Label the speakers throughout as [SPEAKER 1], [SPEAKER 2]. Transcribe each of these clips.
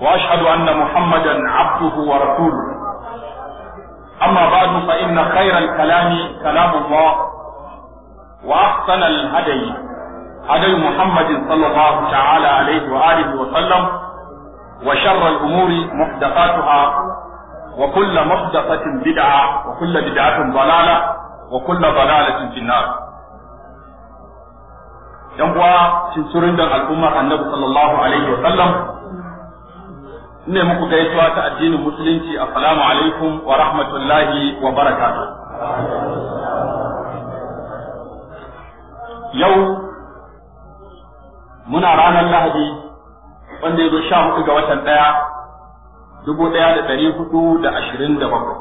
[SPEAKER 1] واشهد ان محمدا عبده ورسوله اما بعد فان خير الكلام كلام الله واحسن الهدي هدي محمد صلى الله تعالى عليه واله وسلم وشر الامور محدثاتها وكل محدثه بدعه وكل بدعه ضلاله وكل ضلاله في النار yan uwa cincirin da al'ummar annabi sallallahu alaihi wa sallam ne muku gaisuwa ta addinin musulunci assalamu alaikum wa rahmatullahi wa barakatuh yau muna ranar lahadi wanda ya zo sha hudu ga watan daya dubu daya da dari hudu da ashirin da bakwai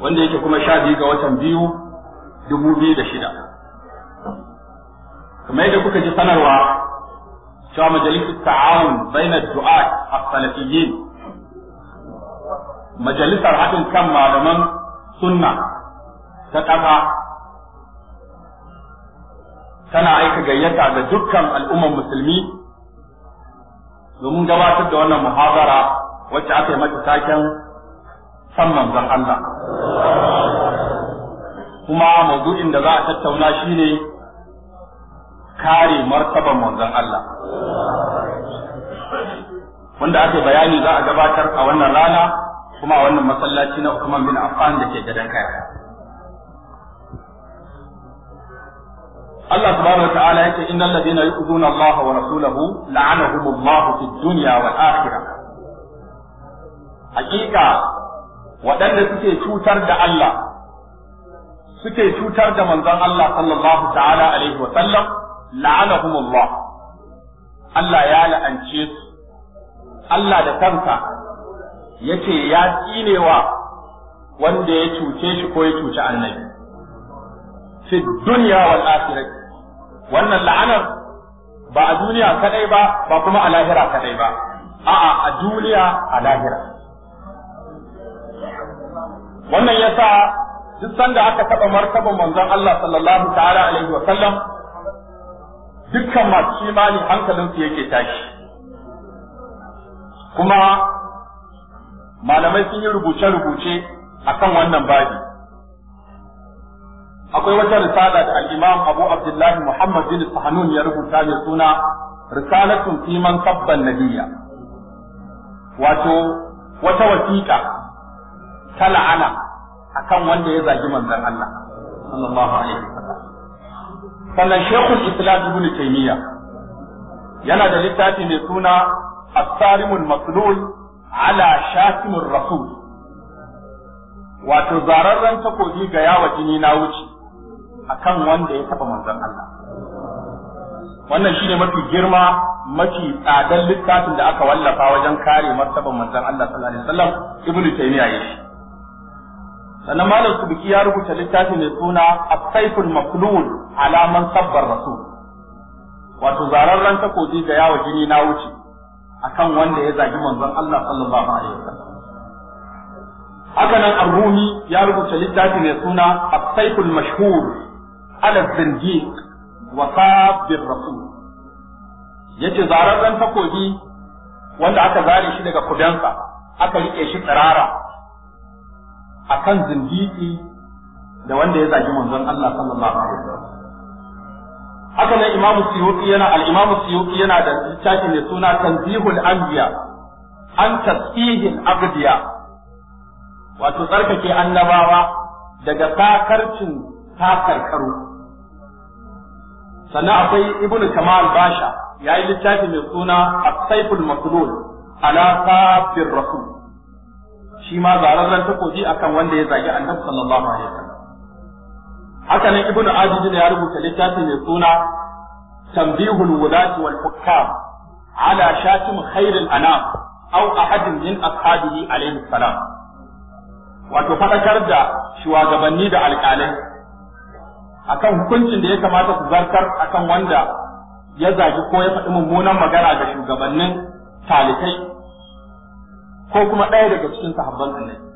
[SPEAKER 1] wanda yake kuma sha biyu ga watan biyu dubu biyu da shida kamar yadda kuka ji sanarwa cewa majalisar ta'awun bainar du'a a majalisar haɗin kan malaman sunna ta ƙasa tana aika gayyata ga dukkan al'ummar musulmi domin gabatar da wannan muhabara wacce aka yi mata taken san manzon Allah kuma maudu'in da za a tattauna shine kare martaban manzon Allah
[SPEAKER 2] wanda aka bayani za a gabatar a wannan rana
[SPEAKER 1] kuma a wannan masallaci na Uthman bin Affan da ke gadan kaya Allah subhanahu wa ta'ala yake innal ladina yu'zuna Allah wa rasulahu la'anahum Allah fid dunya wal akhirah hakika waɗanda suke cutar da Allah suke cutar da manzon Allah sallallahu ta'ala alaihi wa sallam la'anahumullah Allah ya la'ance su Allah da kansa yace ya tsinewa wanda ya cuce shi ko ya cuci annabi fi dunya wal akhirah wannan la'anar ba a duniya kadai ba ba kuma a lahira kadai ba a'a a duniya a lahira wannan yasa duk sanda aka taba martaba manzon Allah sallallahu ta'ala alaihi wa sallam dukkan masu imani hankalinsu yake tashi kuma malamai sun yi rubuce-rubuce a kan wannan babi akwai wata risala da al’imam abu abdullahi muhammad bin sahanun ya rubuta mai suna risalatun siman sabban nabiyya wato wata wasiƙa ta la'ana a kan wanda ya zagi manzan Allah sallallahu alaihi
[SPEAKER 2] sannan shekul
[SPEAKER 1] islam ibn taymiya yana da littafi mai suna asarimul maslul ala shakimur rasul wato zararren takobi ga yawa jini na wuce akan wanda ya taba manzon Allah wannan shine mafi girma mafi tsadan littafin da aka wallafa wajen kare martaban manzon Allah sallallahu alaihi wasallam ibnu taymiya shi. sannan malam subki ya rubuta littafi mai suna a saifin maklul alaman sabbar rasu. wato zararren takobi ga yawa jini na wuce akan wanda ya zagi manzon Allah sallallahu alaihi wasallam haka nan arumi ya rubuta littafi mai suna a saifin mashhur ala zindi wa sabbir rasul yace zararren takobi wanda aka zare shi daga kudansa aka rike shi tsirara akan zindiki da wanda ya zagi manzon Allah sallallahu alaihi wasallam haka nan imamu suyuti yana al-imamu suyuti yana da littafi mai suna tanzihul anbiya an tasihil abdiya wato tsarkake annabawa daga takarcin takarkaru sannan akwai ibnu kamal basha yayi littafi mai suna as-saiful maslul ala safir rasul shi ma zararren takobi akan wanda ya zagi annabi sallallahu alaihi haka nan ibnu ajid ya rubuta littafi mai suna tanbihul wulati wal hukam ala shatim khairil anam aw ahadin min ashabihi alaihi salam wato fadakar da shugabanni da alƙalai akan hukuncin da ya kamata su zartar akan wanda ya zagi ko ya faɗi mummunan magana ga shugabannin talikai ko kuma ɗaya daga cikin sahabban annabi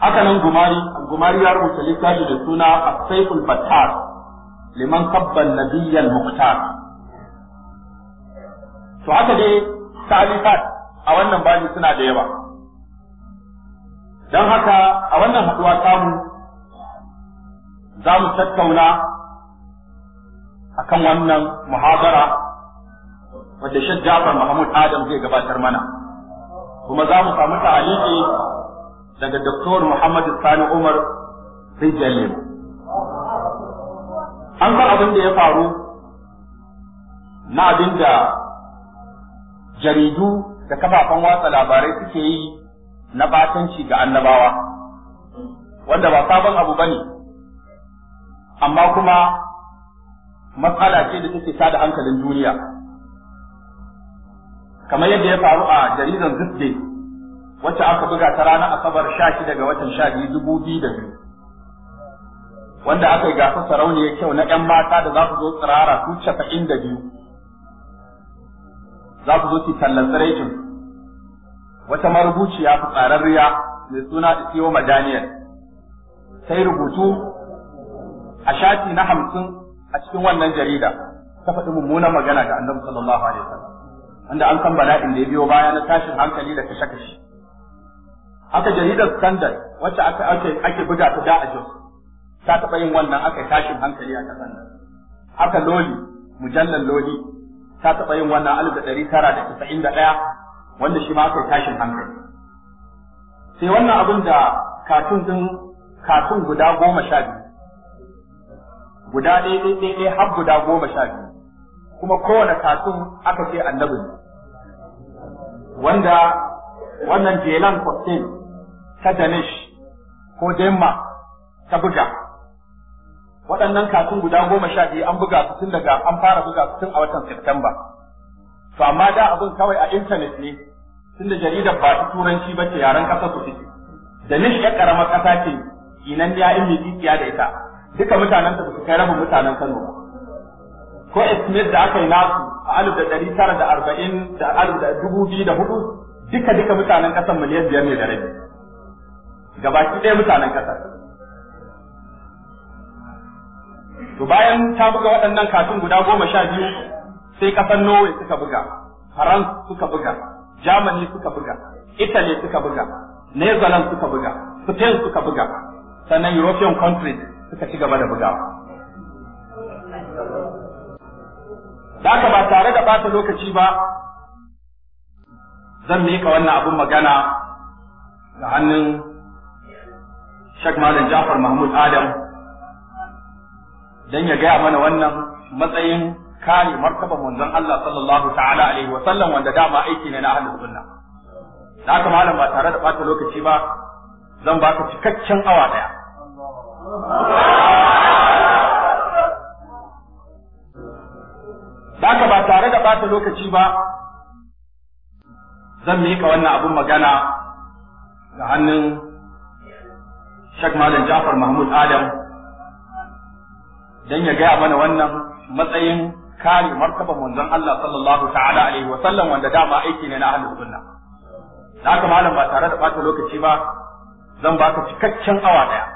[SPEAKER 1] haka nan gumari gumari ya rubuta littafi da suna as battar fattar liman sabba an-nabiyyal muqtar to haka dai talifat a wannan bani suna da yawa don haka a wannan haduwa tamu za mu tattauna akan wannan muhabara wadda shaddafar Jafar Mahmud Adam zai gabatar mana kuma za mu samu ta'aliki daga Dr. Muhammad Sani Umar Rijalin. An ga abin da ya faru na abin da jaridu da kafafen watsa labarai suke yi na batanci ga annabawa, wanda ba sabon abu ba ne, amma kuma matsala ce da take da hankalin duniya. kamar yadda ya faru a jaridar Zizde wacce aka buga ta ranar Asabar 16 ga watan da biyu? wanda aka yi gasar sarauniyar kyau na 'yan mata da za su zo tsirara su biyu? za su zo su tallan tsiraikin wata marubuciya riya mai suna Isiyo Daniyal. sai rubutu a shafi na hamsin a cikin wannan jarida ta faɗi mummunan magana ga annabi sallallahu alaihi wasallam wanda an san bala'in da ya biyo baya na tashin hankali da kashe-kashe. Haka jaridar Standard wacce ake buga ta da a Jos ta taɓa yin wannan aka tashin hankali a ƙasar nan. Haka Loli, mujallar Loli ta taɓa yin wannan alif da ɗari tara da casa'in da ɗaya wanda shi ma aka tashin hankali. Sai wannan abin da katun ɗin katun guda goma sha biyu. Guda ɗaya ɗaya ɗaya har guda goma sha biyu. kuma kowane katun aka ce annabin wanda wannan jelan kwastin ta Danish ko Denmark ta buga waɗannan katun guda goma sha biyu an buga su tun daga an fara buga su tun a watan september to amma da abin kawai a intanet ne tun da jaridar ba ta turanci ba ce yaren ƙasa su take Danish ya ƙaramar ƙasa ce kinan ya yi mai da ita duka mutanen ta su kai rabin mutanen Kano ba ko estimate da aka yi nasu a alif da ɗari tara da arba'in da alif da dubu biyu da hudu duka duka mutanen ƙasar miliyan biyar ne da rabi gabaki ɗaya mutanen ƙasar to bayan ta buga waɗannan kafin guda goma sha biyu sai ƙasar Norway suka buga France suka buga Germany suka buga Italy suka buga Netherlands suka buga Spain suka buga sannan European countries suka ci gaba da bugawa da haka ba tare da bata lokaci ba zan miƙa wannan abin magana ga hannun Sheikh Malam Jafar Mahmud Adam dan ya gaya mana wannan matsayin kare martaban manzon Allah sallallahu ta'ala alaihi wa sallam wanda dama aiki ne na ahlus sunna da haka malam ba tare da bata lokaci ba zan ba baka cikakken awa ɗaya. ɓata lokaci ba zan miƙa wannan abun magana ga hannun
[SPEAKER 2] Sheikh Malam Jafar Mahmud Adam
[SPEAKER 1] dan ya gaya mana wannan matsayin kare martaban manzon Allah sallallahu ta'ala alaihi wa sallam wanda dama aiki ne na ahlul sunna da haka malam ba tare da ɓata lokaci ba zan baka cikakken awa ɗaya.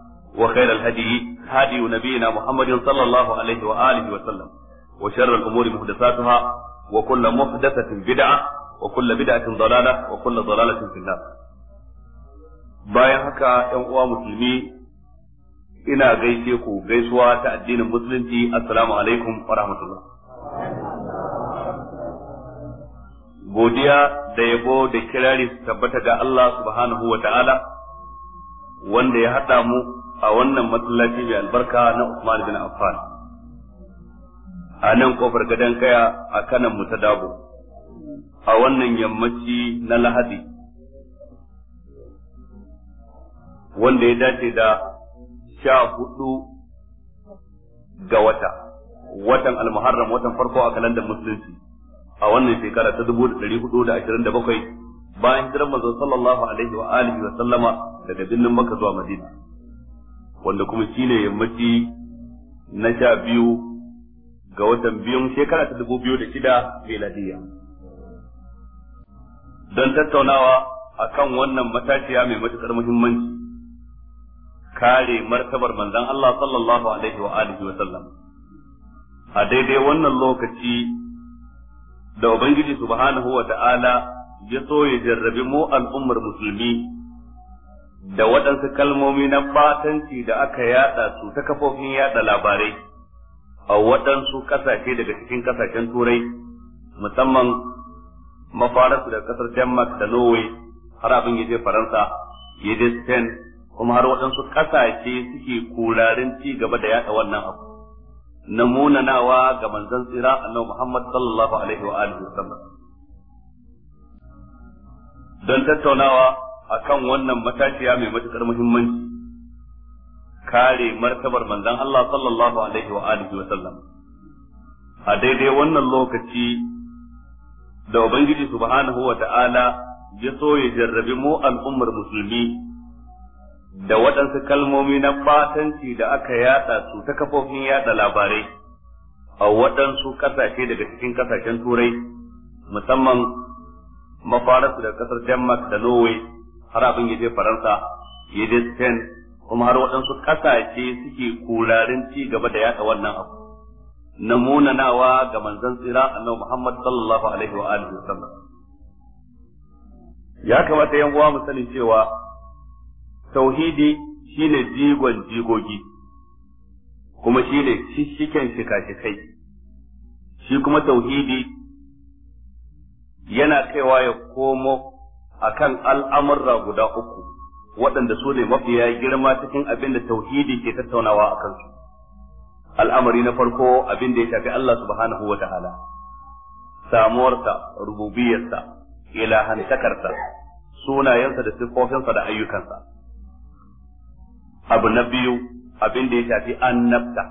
[SPEAKER 1] وخير الهدي هدي نبينا محمد صلى الله عليه وآله وسلم وشر الأمور محدثاتها وكل محدثة بدعة وكل بدعة ضلالة وكل ضلالة في النار bayan haka ‘yan uwa musulmi ina gaishe ku gaisuwa ta addinin musulunci assalamu alaikum wa rahmatullah godiya da yabo da kirari tabbata ga Allah subhanahu wa ta'ala wanda ya haɗa mu a wannan masallaci mai albarka na Usman bin Affan a nan kofar gadon kaya a kanan mu ta dabo, a wannan yammaci na Lahadi wanda ya dace da sha hudu ga wata watan almuharram watan farko a kalandar musulunci a wannan shekara ta dubu da dari hudu da ashirin da bakwai bayan hijirar manzo sallallahu alaihi wa alihi wa sallama daga birnin Makka zuwa Madina wanda kuma shi ne yammaci na sha biyu ga watan biyun shekara ta dubu biyu da shida meladiya don tattaunawa akan wannan matashiya mai matuƙar muhimmanci kare martabar manzon Allah sallallahu alaihi wa alihi wa sallam a daidai wannan lokaci da ubangiji subhanahu wa ta'ala ya so ya jarrabi mu al'ummar musulmi da waɗansu kalmomi na batanci da aka yada su ta kafofin yada labarai a waɗansu ƙasashe daga cikin ƙasashen turai musamman mafararsu da ƙasar denmark da norway har abin ya je faransa ya je spain kuma har waɗansu ƙasashe suke kurarin ci gaba da yada wannan abu na munanawa ga manzon tsira annabi muhammad sallallahu alaihi wa alihi wasallam don tattaunawa akan wannan matashiya mai matukar muhimmanci kare martabar manzon Allah sallallahu alaihi wa alihi wa sallam
[SPEAKER 2] a daidai wannan
[SPEAKER 1] lokaci da ubangiji subhanahu wa ta'ala ya so ya jarrabi mu al'ummar musulmi da waɗansu kalmomi na batanci da aka yada su ta kafofin yada labarai a waɗansu ƙasashe daga cikin ƙasashen turai musamman mafarasu da ƙasar denmark da norway har abin ya je faransa ya je spain kuma har waɗansu ƙasashe suke kurarin ci gaba da yaɗa wannan abu na munanawa ga manzon tsira annabi muhammad sallallahu alaihi wa alihi wasallam ya kamata yan uwa mu sani cewa tauhidi shine jigon jigogi kuma shine shishiken shikashikai shi kuma tauhidi yana kaiwa ya komo akan al'amurra guda uku waɗanda su ne mafiya girma cikin abin da tauhidi ke tattaunawa a kansu al'amari na farko abin da ya shafi Allah subhanahu wa ta'ala samuwarsa rububiyarsa ilahantakarsa sunayensa da siffofinsa da ayyukansa abu na biyu abin da ya shafi annabta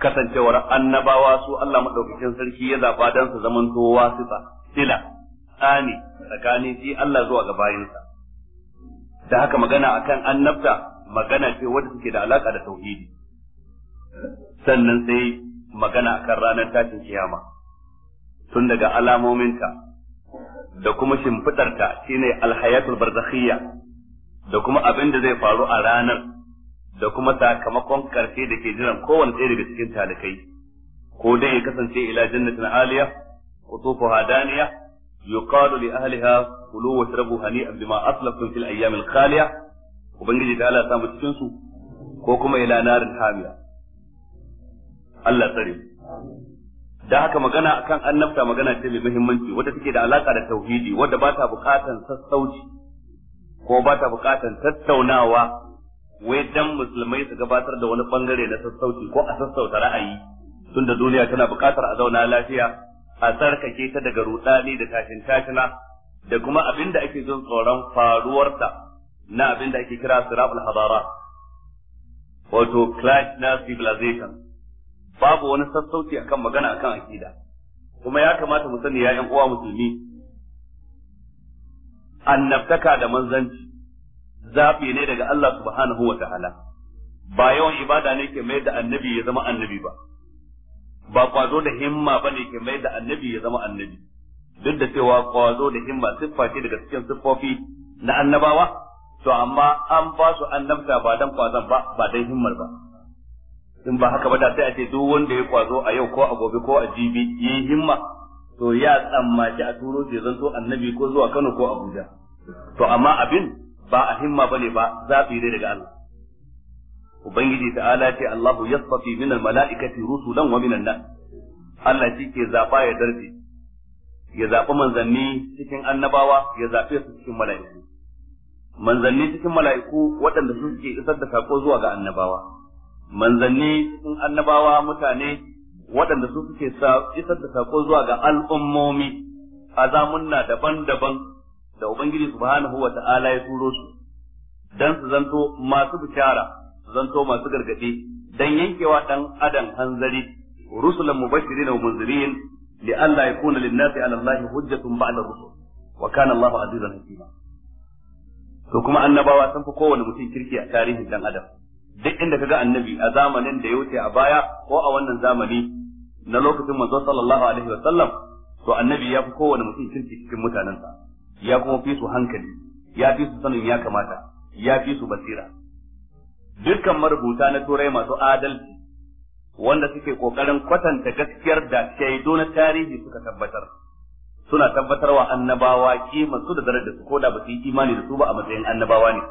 [SPEAKER 1] kasancewar annabawa su Allah madaukakin sarki ya zaba dan su zamanto wasu sila tsani tsakanin shi Allah zuwa ga bayinsa da haka magana akan annabta magana ce wadda take da alaka da tauhidi sannan sai magana akan ranar tashin kiyama tun daga alamominta da kuma shimfidarta shine alhayatul barzakhiyya da kuma abin da zai faru a ranar da kuma sakamakon karfe da ke jiran kowane ɗaya daga cikin talikai ko dai ya kasance ila jannatin aliya qutufuha daniya يقال لأهلها ahliha kulu هنيئا بما bima في الأيام الخالية khaliya تعالى da تشنسو samu إلى نار ko kuma ila Allah tsare da haka magana akan annabta magana ce mai muhimmanci wadda take da alaka da tauhidi wadda ba ta bukatan sassauci ko ba ta bukatan tattaunawa wai dan musulmai su gabatar da wani bangare na sassauci ko a sassauta ra'ayi tunda duniya tana buƙatar a zauna lafiya a tsarkake ta daga rudani da tashin tashina da kuma abin da ake jin tsoron faruwarta na abin da ake kira sirabul hadara wato clash na civilization babu wani sassauci akan magana akan akida kuma ya kamata mu sani ya uwa musulmi annabtaka da manzanci zafi ne daga Allah subhanahu wa ta'ala ba yawan ibada ne ke mai da annabi ya zama annabi ba ba kwazo da himma bane ke mai da annabi ya zama annabi duk da cewa kwazo da himma siffa ce daga cikin siffofi na annabawa to amma an ba su annabta ba dan kwazon ba ba dan himmar ba in ba haka ba da sai a ce duk wanda ya kwazo a yau ko a gobe ko a jibi yi himma to ya tsammaci a turo ce zanto annabi ko zuwa Kano ko Abuja to amma abin ba a himma bane ba zafi ne daga Allah ubangiji ala ce Allahu ya tsafi min al-mala'ikati rusulan wa minan nas Allah shi ke zaba ya darje ya zaɓi manzanni cikin annabawa ya zaɓe su cikin mala'iku manzanni cikin mala'iku waɗanda su ke isar da sako zuwa ga annabawa manzanni cikin annabawa mutane waɗanda su suke isar da sako zuwa ga al'ummomi a zamunna daban-daban da ubangiji subhanahu wa ta'ala ya turo su dan su zanto masu bishara zanto masu gargadi dan yankewa dan adam hanzari rusulan mubashirin wa munzirin li ya kuna lin nasi ala allahi hujjatun ba'da rusul wa kana allahu azizan hakima to kuma annabawa sun fi kowanne mutum kirki a tarihin dan adam duk inda kaga annabi a zamanin da ya wuce a baya ko a wannan zamani na lokacin manzo sallallahu alaihi wa sallam to annabi ya fi kowanne mutum kirki cikin mutanensa ya kuma fi su hankali ya fi su sanin ya kamata ya fi su basira dukkan marubuta na turai masu adalci wanda suke kokarin kwatanta gaskiyar da shaidu na tarihi suka tabbatar suna wa annabawa kima su da darajar su koda ba su yi imani da su ba a matsayin annabawa ne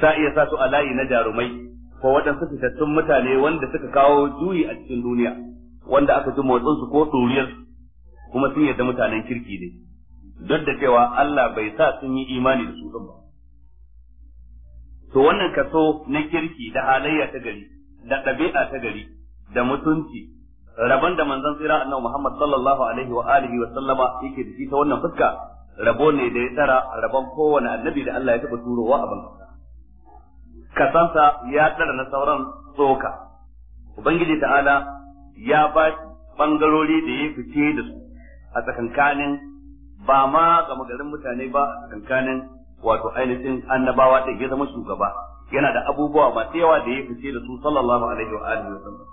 [SPEAKER 1] sa iya sa su a layi na jarumai ko waɗansu fitattun mutane wanda suka kawo juyi a cikin duniya wanda aka ji motsin su ko ɗuriyar kuma sun yarda mutanen kirki ne duk da cewa Allah bai sa sun yi imani da su ba to wannan kaso na kirki da halayya ta gari da ɗabi'a ta gari da mutunci rabon da manzon tsira annabi Muhammad sallallahu alaihi wa alihi wa sallama yake da shi ta wannan fuska rabo ne da ya tsara rabon kowane annabi da Allah ya taɓa turowa a banka kasansa ya tsara na sauran tsoka ubangiji ta'ala ya ba bangarori da ya fice da su a tsakankanin ba ma ga magarin mutane ba a tsakankanin wato ainihin annabawa din ya zama shugaba yana da abubuwa masu yawa da ya fice da su sallallahu alaihi wa alihi wasallam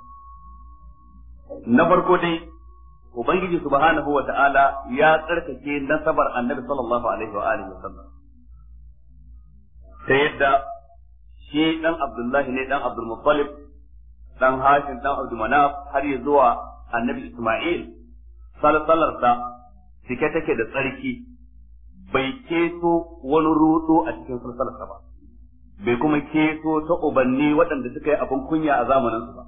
[SPEAKER 1] na farko dai ubangiji subhanahu wa ta'ala ya tsarkake nasabar annabi sallallahu alaihi wa alihi wasallam ta yadda shi dan abdullahi ne dan abdul muttalib dan hashim dan abdul manaf har ya zuwa annabi isma'il salsalarsa cike take da tsarki bai keto wani rudo a cikin sulsalarsa ba bai kuma keto ta ubanni waɗanda suka yi abin kunya a su ba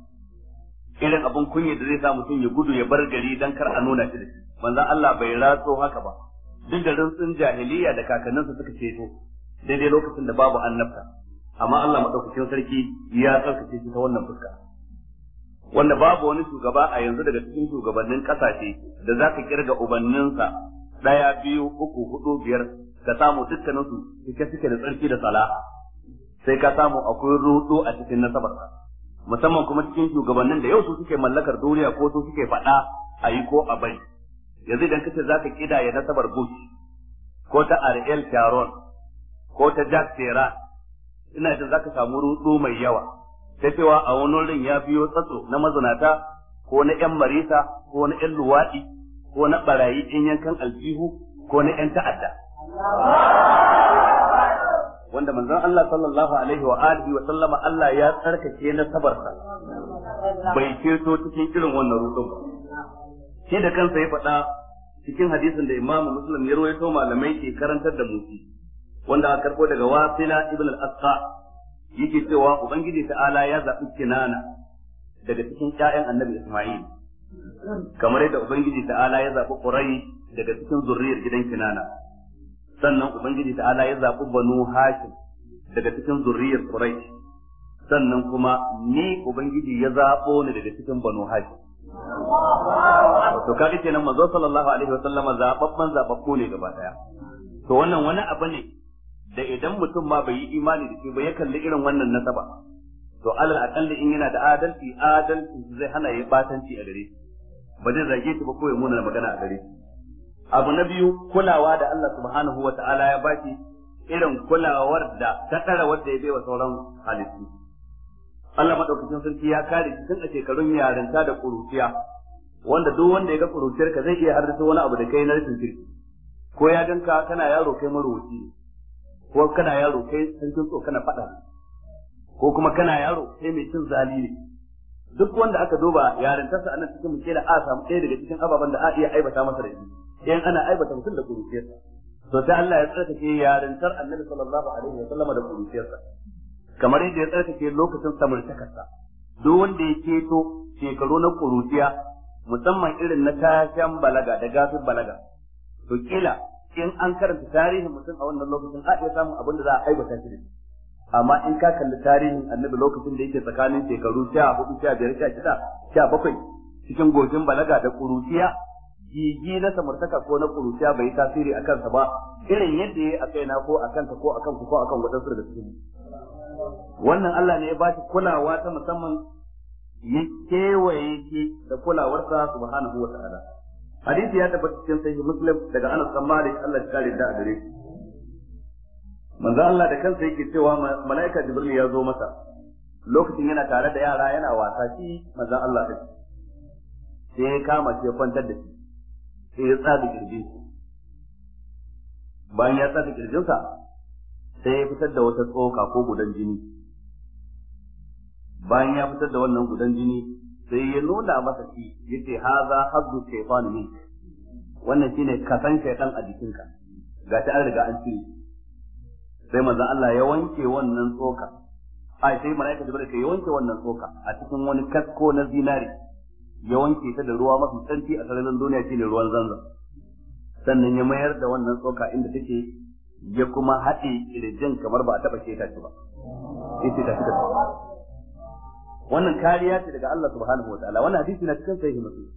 [SPEAKER 1] irin abin kunya da zai sa mutum ya gudu ya bar gari dan kar a nuna shi da shi manzon Allah bai ratso haka ba duk da rantsin jahiliya da kakanninsa suka ceto daidai lokacin da babu annabta amma Allah madaukakin sarki ya tsarkake shi ta wannan fuska wanda babu wani shugaba a yanzu daga cikin shugabannin kasashe da zaka kirga ubanninsa daya biyu uku hudu biyar ka samu dukkanin su cike suke da tsarki da salaha sai ka samu akwai rudo a cikin nasabar musamman kuma cikin shugabannin da yau su suke mallakar duniya ko su suke faɗa a yi ko a bai yanzu idan kace zaka kidaya nasabar Bush ko ta Ariel Sharon ko ta Jack Sierra ina jin zaka samu rudo mai yawa ta cewa a wani wurin ya biyo tsatso na mazinata ko na yan marisa ko na yan luwaɗi ko na barayi in yankan aljihu ko na yan ta'adda wanda manzon Allah sallallahu alaihi wa alihi wa sallama Allah ya tsarkake na sabarsa bai ceto cikin irin wannan rukun. ba shi da kansa ya faɗa cikin hadisin da Imam Muslim ya rawaito malamai ke karantar da musi wanda aka karɓo daga Wasila ibn al-Asqa yake cewa ubangiji ta'ala ya zaɓi kinana daga cikin ƴaƴan Annabi Isma'il kamar yadda ubangiji ta'ala ya zaɓi ƙurai daga cikin zurriyar gidan kinana sannan ubangiji ta'ala ya zaɓi banu hashim daga cikin zurriyar ƙurai sannan kuma ni ubangiji ya zaɓo ni daga cikin banu hashim to kaga kenan manzo sallallahu alaihi wasallam zababban zababbu ne gaba daya to wannan wani abu ne da idan mutum ma bai yi imani da shi ba ya kalli irin wannan nasaba to alal aqalli in yana da adalci adalci zai hana ya batanci a gare shi ba zai zage shi ba ko ya muna magana a gare shi abu na biyu kulawa da Allah subhanahu wa ta'ala ya baki irin kulawar da ta tsara wanda ya baiwa sauran halittu Allah madaukakin sarki ya kare shi tun a shekarun yarinta da kurutiya wanda duk wanda ya ga kurutiyar ka zai iya haddasa wani abu da kai na rashin kirki ko ya ganka kana yaro kai marubuci ko kana yaro kai sarkin kana faɗa ko kuma kana yaro kai mai cin zali ne duk wanda aka duba yarintarsa a nan cikin mutum a samu ɗaya daga cikin ababen da a iya aibata masa da shi idan ana aibata mutum da kuruciyarsa to sai Allah ya tsarkake yarintar annabi sallallahu alaihi wa sallama da kuruciyarsa kamar yadda ya tsarkake lokacin samartakarsa duk wanda ya keto shekaru na kuruciya musamman irin na tashan balaga da gafin balaga to kila in an karanta tarihin mutum a wannan lokacin a iya samun abin da za a aibata shi shi amma in ka kalli tarihin annabi lokacin da yake tsakanin shekaru sha hudu sha biyar sha shida sha bakwai cikin goshin balaga da ƙuruciya gigi na samartaka ko na ƙuruciya bai yi tasiri a kansa ba irin yadda ya yi a kaina ko a kanta ko a kan ko a kan waɗansu daga cikin
[SPEAKER 2] wannan Allah ne
[SPEAKER 1] ya ba shi kulawa ta musamman ya kewaye ki da kulawarsa subhanahu wa ta'ala hadisi ya tabbata cikin sahih muslim daga Anas bin Malik Allah ya kare da gare shi manzo Allah da kansa yake cewa mala'ika Jibril ya zo masa lokacin yana tare da yara yana wasa shi manzo Allah da sai ya kama shi ya kwantar da shi sai ya tsada kirjin bayan ya tsada sa, sai ya fitar da wata tsoka ko gudan jini bayan ya fitar da wannan gudan jini sai ya nuna masa shi yace haza hazu shaytan min wannan shine kasan shaytan a jikinka ga ta an riga an cire sai manzon Allah ya wanke wannan tsoka ai sai malaika jibril ya wanke wannan tsoka a cikin wani kasko na zinari ya wanke ta da ruwa mafi tsarki a sararin duniya shine ruwan zanzan sannan ya mayar da wannan tsoka inda take ya kuma haɗe kirjin kamar ba a taɓa keta shi ba ita ta fita
[SPEAKER 2] wannan kariya
[SPEAKER 1] ce daga Allah subhanahu wataala wannan hadisi na cikin sahihi muslim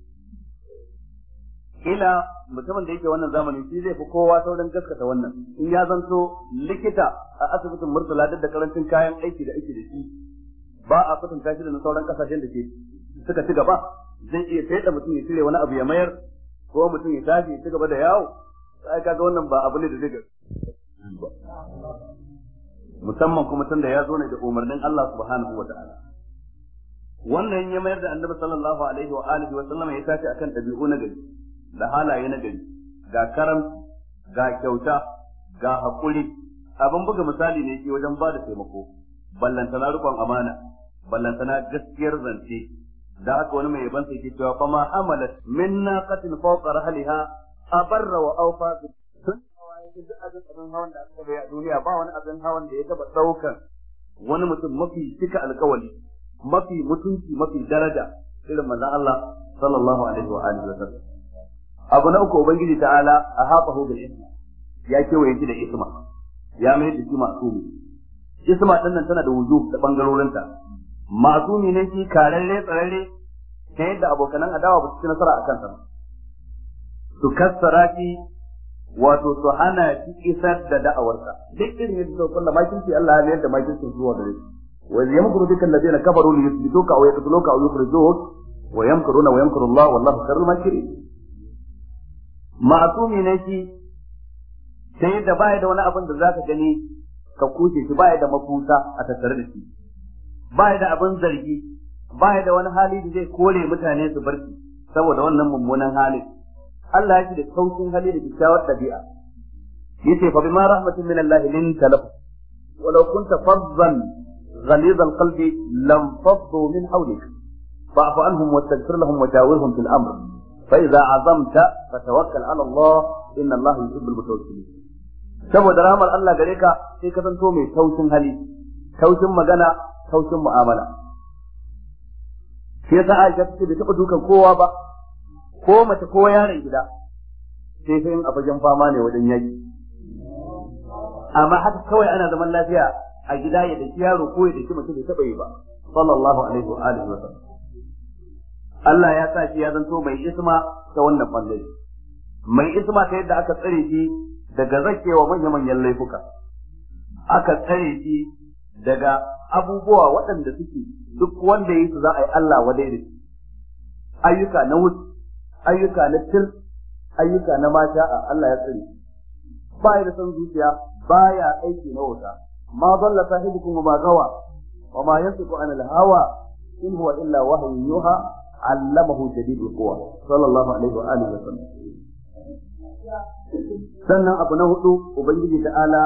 [SPEAKER 1] ila mutumin da yake wannan zamani shi zai fi kowa saurin gaskata wannan in ya zanto likita a asibitin murtala duk da karancin kayan aiki da ake da shi ba a kwatanta shi da na sauran kasashen da ke suka ci gaba zai iya sai da mutum ya cire wani abu ya mayar ko mutum ya tashi ya ci gaba da yawo sai kaga wannan ba abu ne da zai ga musamman kuma tunda ya zo ne da umarnin Allah subhanahu wa ta'ala wannan ya mayar da annabi sallallahu alaihi wa alihi wa sallama ya tashi akan dabi'u na gari da halaye na gari ga karamci ga kyauta ga haƙuri abin buga misali ne ke wajen ba da taimako na rikon amana ballanta na gaskiyar zance da haka wani mai yaban sai ke cewa fa ma amalat min naqatin fawqa rahliha abarra wa awfa tun duk abin abin hawan da aka bai a duniya ba wani abin hawan da ya taba daukan wani mutum mafi cika alƙawari, mafi mutunci mafi daraja irin manzon Allah sallallahu alaihi wa alihi wa sallam abu na uku ubangiji ta'ala a haɓahu da isma ya kewaye shi da isma ya mai da shi mu. isma din nan tana da wuju da bangarorinta mu ne shi kararre tsararre ta yadda abokanan adawa ba su ci nasara a kansa ba su kassara shi wato su hana shi isar da da'awarsa duk irin yadda suka kulla makinci Allah ya mayar da makincin zuwa gare shi wa yamkuru bika allazina kafaru li yuthbituka aw yaqtuluka aw yukhrijuka wa yamkuruna wa yamkuru Allah wallahu khairul makirin ma'asumi ne shi sai yadda baya da wani abin da zaka gani ka kushe shi baya da mafusa a tattare da shi baya da abin zargi baya da wani hali da zai kore mutane su barci saboda wannan mummunan hali Allah yake da saukin hali da kyakkyawar dabi'a yace fa bima rahmatin min Allah lin talaf walau kunta faddan غليظ القلب لانفضوا من حولك فاعف عنهم واستغفر لهم وجاورهم في الامر fa idza azamta fa tawakkal ala Allah inna Allah yuhibbul mutawakkilin saboda rahmar Allah gare ka sai ka zanto mai taushin hali taushin magana taushin mu'amala sai sa Aisha ta bai taba dukan kowa ba ko mace ko yaron gida sai sai in a fagen fama ne wajen yaki amma haka kawai ana zaman lafiya a gida ya daki yaro mace bai yi ba sallallahu alaihi Allah ya sa shi ya zanto mai isma ta wannan bangare mai isma ta yadda aka tsare shi daga zakewa manya-manyan laifuka aka tsare shi daga abubuwa waɗanda suke duk wanda yi su za a yi Allah wadai da shi ayyuka na wuce ayyuka na til ayyuka na mata a Allah ya tsare ba ya da son zuciya ba ya aiki na wuta ma zalla sahibukum ma gawa wa ma an al hawa in huwa illa wahyu yuha allamahu jadidul quwa sallallahu alaihi wa alihi wasallam sannan abu na hudu ubangiji ta'ala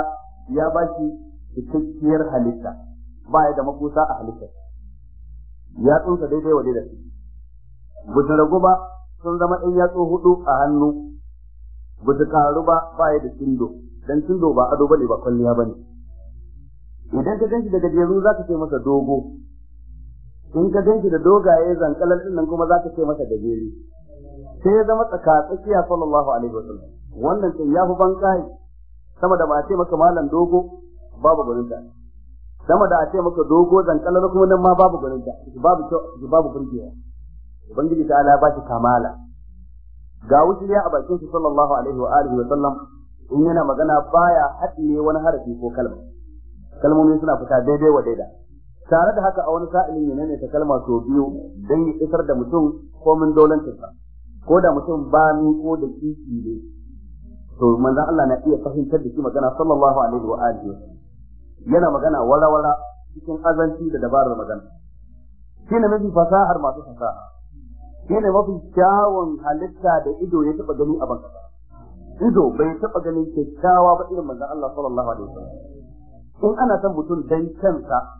[SPEAKER 1] ya bashi cikakkiyar halitta ba ya da makusa a halitta. ya tsunsa daidai wa da su Busu ragu ba sun zama ɗan yatsu hudu a hannu Busu karu ba ba ya da cindo dan cindo ba ado bane ba kwalliya bane idan ka ganshi daga jeru za ka ce masa dogo in ka ganki da dogaye zankalar din nan kuma za ka ce masa jeri sai ya zama tsaka tsakiya sallallahu alaihi wasallam wannan sai ya fi ban kai sama da ba a ce maka malam dogo babu gurinta sama da a ce maka dogo zankalar kuma nan ma babu gurinta babu babu burgewa ubangiji ta ala ba shi kamala ga wuciya a bakin su sallallahu alaihi wa alihi wasallam sallam in yana magana baya haɗiye wani harafi ko kalma kalmomi suna fita daidai wa daidai tare da haka a wani sa'ilin yana ne ta kalma sau biyu don ya isar da mutum ko min dolantarsa ko da mutum ba ni ko da kiki ne to manzon Allah na iya fahimtar da shi magana sallallahu alaihi wa alihi yana magana wala-wala cikin azanci da dabarar magana Shi ne mafi fasahar masu fasaha shine mafi kyawun halitta da ido ya taba gani a banka ido bai taba ganin kyakkyawa ba irin manzon Allah sallallahu alaihi wa in ana son mutum dan kansa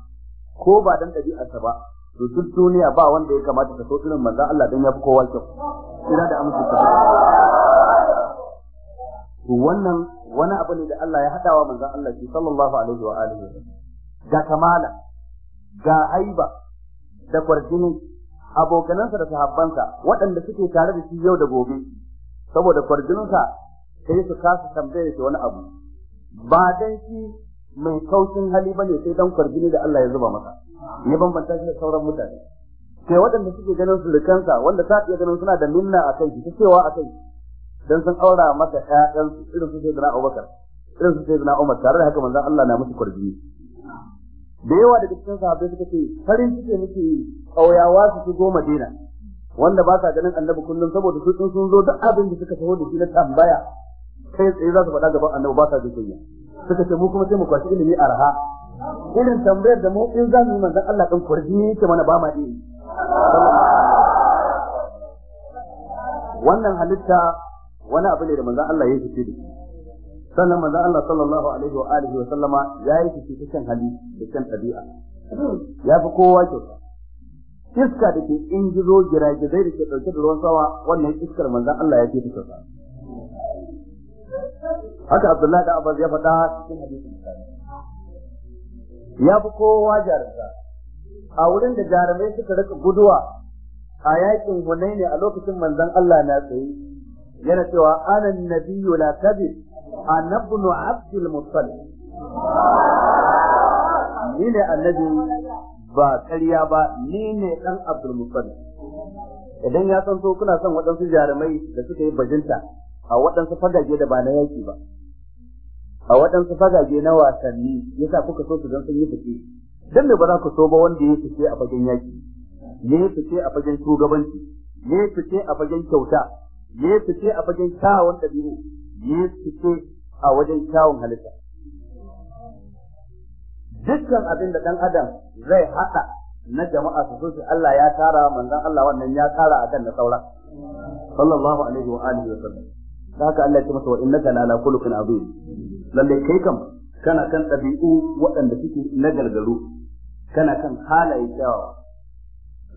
[SPEAKER 1] ko ba dan ɗabi'arsa ba to duk duniya ba wanda ya kamata ta so irin manzon Allah dan ya fi kowa kyau ina da amince ta to wannan wani abu ne da Allah ya hadawa manzon Allah shi sallallahu alaihi wa alihi ga kamala ga haiba da kwarjini abokanansa da sahabbansa waɗanda suke tare da shi yau da gobe saboda kwarjininsa sai su kasa tambaye shi wani abu ba dan shi mai kaucin hali bane sai dan kwarjini da Allah ya zuba masa ya bambanta shi da sauran mutane sai waɗanda suke ganin surukansa wanda ta iya ganin suna da minna a kai ta cewa a kai dan sun aura maka ƴaƴansu irin su sayyidina Abubakar irin su da Umar tare da haka manzo Allah na musu kwarjini da yawa daga cikin sahabbai suka ce farin ciki muke ƙauyawa su shigo Madina wanda ba sa ganin annabi kullum saboda su sun zo duk abin da suka taho da shi na tambaya kai tsaye za su faɗa gaban annabi ba sa jin kunya suka ce mu kuma sai mu kwashi ilimi a raha. irin tambayar da mu in za mu yi manzon Allah din kurji yake mana ba ma iya wannan halitta wani abu ne da manzon Allah ya fice da sannan manzon Allah sallallahu alaihi wa alihi wa sallama ya yi fice ta kan hali da kan tabi'a ya fi kowa ke. iska da ke ingizo gizai da ke ɗauke da ruwan sawa wannan iskar manzon Allah ya ce ta kyauta haka abdullahi da abbas ya faɗa cikin hadisin bukhari ya fi kowa jarumta a wurin da jarumai suka rika guduwa a yakin hunaini a lokacin manzon Allah na tsaye yana cewa ana nabiyyu la kadhib anabnu abdul muttalib ni ne annabi ba ƙarya ba ni ne dan abdul muttalib idan ya san so kuna son waɗansu jarumai da suka yi bajinta a waɗansu fagage da ba na yaƙi ba a waɗansu fagage na wasanni yasa kuka so su don sun yi fice dan me ba za ku so ba wanda ya fice a fagen yaƙi ya fice a fagen shugabanci ya fice a fagen kyauta ya fice a fagen kyawun ɗabi'u ya fice a wajen kyawun halitta dukkan abin da ɗan adam zai haɗa na jama'a su sosai Allah ya tara manzan Allah wannan ya tara akan na saura sallallahu alaihi wa alihi wa sallam haka Allah ya ce masa wa innaka la ala khuluqin azim lalle kai kam kana kan ɗabi'u waɗanda suke na gargaru kana kan halaye kyawawa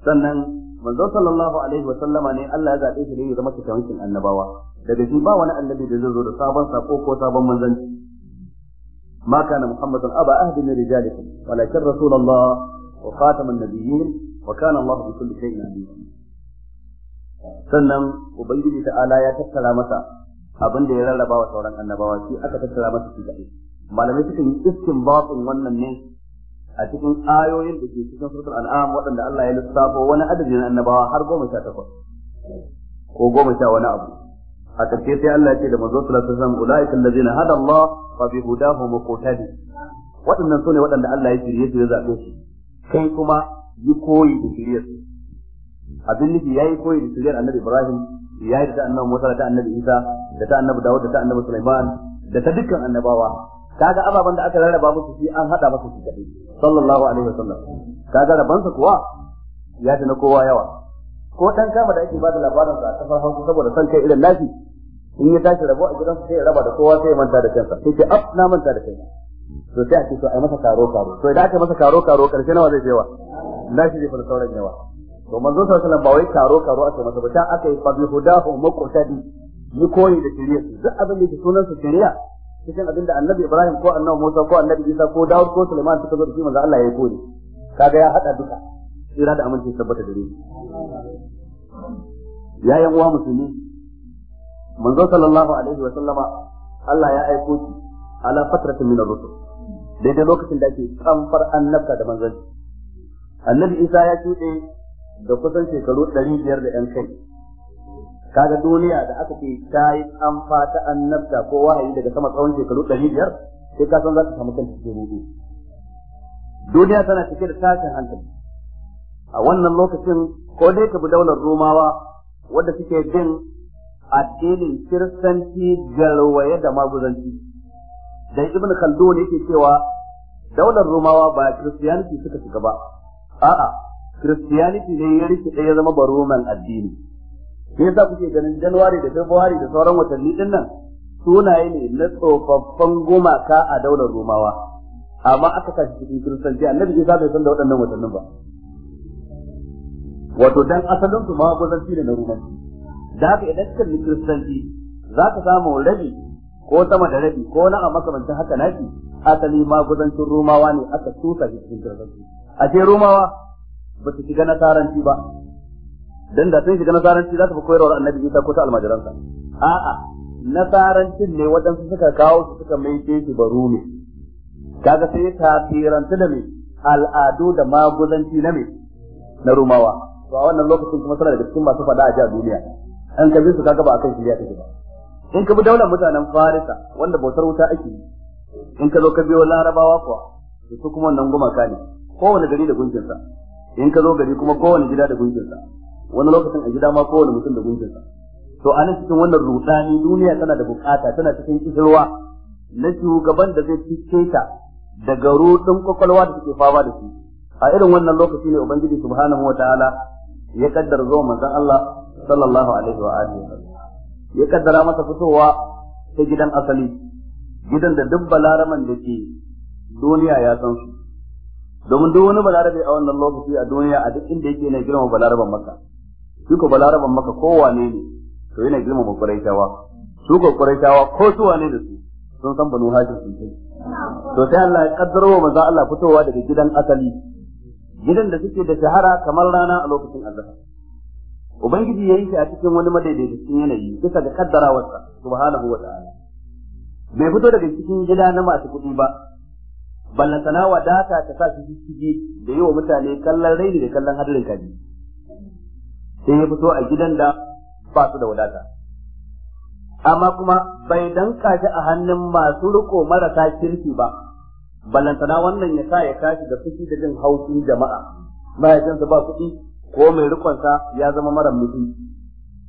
[SPEAKER 1] sannan manzo sallallahu alaihi wa sallama ne Allah ya zabe shi ne ya zama cikakken annabawa daga shi ba wani annabi da zai zo da sabon sako ko sabon manzanci ma kana muhammadun aba ahdi min rijalikum walakin rasulullah wa khataman nabiyyin wa kana Allah bi kulli shay'in alim sannan ubangiji ta'ala ya tattara masa abin da ya rarraba wa sauran annabawa shi aka tattara masa shi kaɗai malamai suka yi iskin batsun wannan ne a cikin ayoyin da ke cikin suratul an'am waɗanda Allah ya lissafo wani adadin na annabawa har goma sha takwas ko goma sha wani abu a ƙarshe sai Allah ya ce da manzo sallallahu alaihi wasallam ulaika allazina hada Allah fa bi hudahu muqtadi waɗannan sune waɗanda Allah ya shirye su ya zaɓe su kai kuma yi koyi da shiryar abin nufi yayi koyi da shiryar Annabi Ibrahim ya yi da annabi Musa da ta annabi Isa da ta annabi Dawud da ta annabi Sulaiman da ta dukkan annabawa kaga ababan da aka rarraba musu shi an hada musu shi kadai sallallahu alaihi wasallam kaga rabansa kuwa ya ji na kowa yawa ko dan kama da ake bada labarin sa a kafar Hausa saboda san kai irin nashi in ya tashi rabo a gidansa sai ya raba da kowa sai ya manta da kansa sai ce af na manta da kansa to sai a ce to ai masa karo karo to idan aka masa karo karo karshe nawa zai je wa nashi zai fara sauran yawa to manzo sallallahu alaihi wasallam ba wai karo karo aka masa ba ta aka yi fa bi hudahu muqtadi Ni koyi da shari'a duk abin da ke sunan su shari'a cikin abin da annabi Ibrahim ko annabi Musa ko annabi Isa ko Dawud ko Sulaiman suka zo da shi manzo Allah ya yi koyi kaga ya hada duka tsira da aminci tabbata da ni ya yan uwa musulmi manzo sallallahu alaihi wasallama Allah ya aiko shi ala fatratin min ar-rusul daidai lokacin da ake kamfar annabta da manzanci annabi Isa ya shuɗe da kusan shekaru ɗari biyar da ‘yan kai kaga duniya da aka ce ta yi an fata annabta ko wahayi daga sama tsawon shekaru ɗari biyar sai ka san za ta samu kanta cikin rudu duniya tana cike da tashin hankali a wannan lokacin ko dai ka bi daular romawa wadda suke bin addinin kiristanci garwaye da maguzanci da ibn khaldun yake cewa daular romawa ba kiristiyanci suka shiga ba a'a Christianity ne ya rike ya zama baroman addini me yasa kuke ganin January da February da sauran watanni din nan sunaye ne na tsofaffin gumaka a daular Romawa amma aka kashi cikin Kiristanci annabi Isa bai san da waɗannan watannin ba wato dan asalin su ma gozanci ne na Romanci da haka idan ka kalli Kiristanci za ka samu rabi ko sama da rabi ko na a makamancin haka naki asali ma gudancin Romawa ne aka tusa cikin Kiristanci a ce Romawa ba su shiga nasaranci ba dan da sun shiga nasaranci za su fi koyarwar annabi Isa ko ta almajiransa a'a nasarancin ne su suka kawo su suka mai shi ba rumi. kaga sai ta tiranta da mai al'adu da maguzanci na mai na rumawa to a wannan lokacin kuma suna daga cikin masu faɗa a ji a duniya an ka su kaga ba a kan shirya take ba in ka bi daular mutanen farisa wanda bautar wuta ake yi in ka zo ka biyo larabawa kuwa su kuma wannan gumaka ne kowane gari da gunkinsa in ka zo gari kuma kowane gida da gunkinsa wani lokacin a gida ma kowane mutum da gunkinsa to a nan cikin wannan rudani duniya tana da bukata tana cikin kishirwa na shugaban da zai cike ta daga rudin kwakwalwa da suke fama da shi a irin wannan lokaci ne ubangiji subhanahu wa ta'ala ya kaddara zuwa manzon Allah sallallahu alaihi wa alihi ya kaddara masa fitowa ta gidan asali gidan da duk balaraman da ke duniya ya san su domin duk wani balarabe a wannan lokaci a duniya a duk inda yake yana girma balaraban maka shi ko balaraban maka kowane ne to yana girma ba su ko quraishawa ko su wane da su sun san banu hajji sun kai to sai Allah ya kaddaro wa Allah fitowa daga gidan asali gidan da suke da shahara kamar rana a lokacin azhar ubangiji yayi shi a cikin wani madaidaicin yanayi bisa ga kaddarawarsa subhanahu wa ta'ala bai fito daga cikin gida na masu kuɗi ba Ballan ballantana wadata ta sa shi shige da yi wa mutane kallon raini da kallon hadarin kaji sai ya fito a gidan da ba su da wadata amma kuma bai danka shi a hannun masu riko marasa kirki ba Ballan ballantana wannan ya sa ya kashi da fushi da jin haushin jama'a mahaifinsa ba kuɗi ko mai rikonsa ya zama mara mutum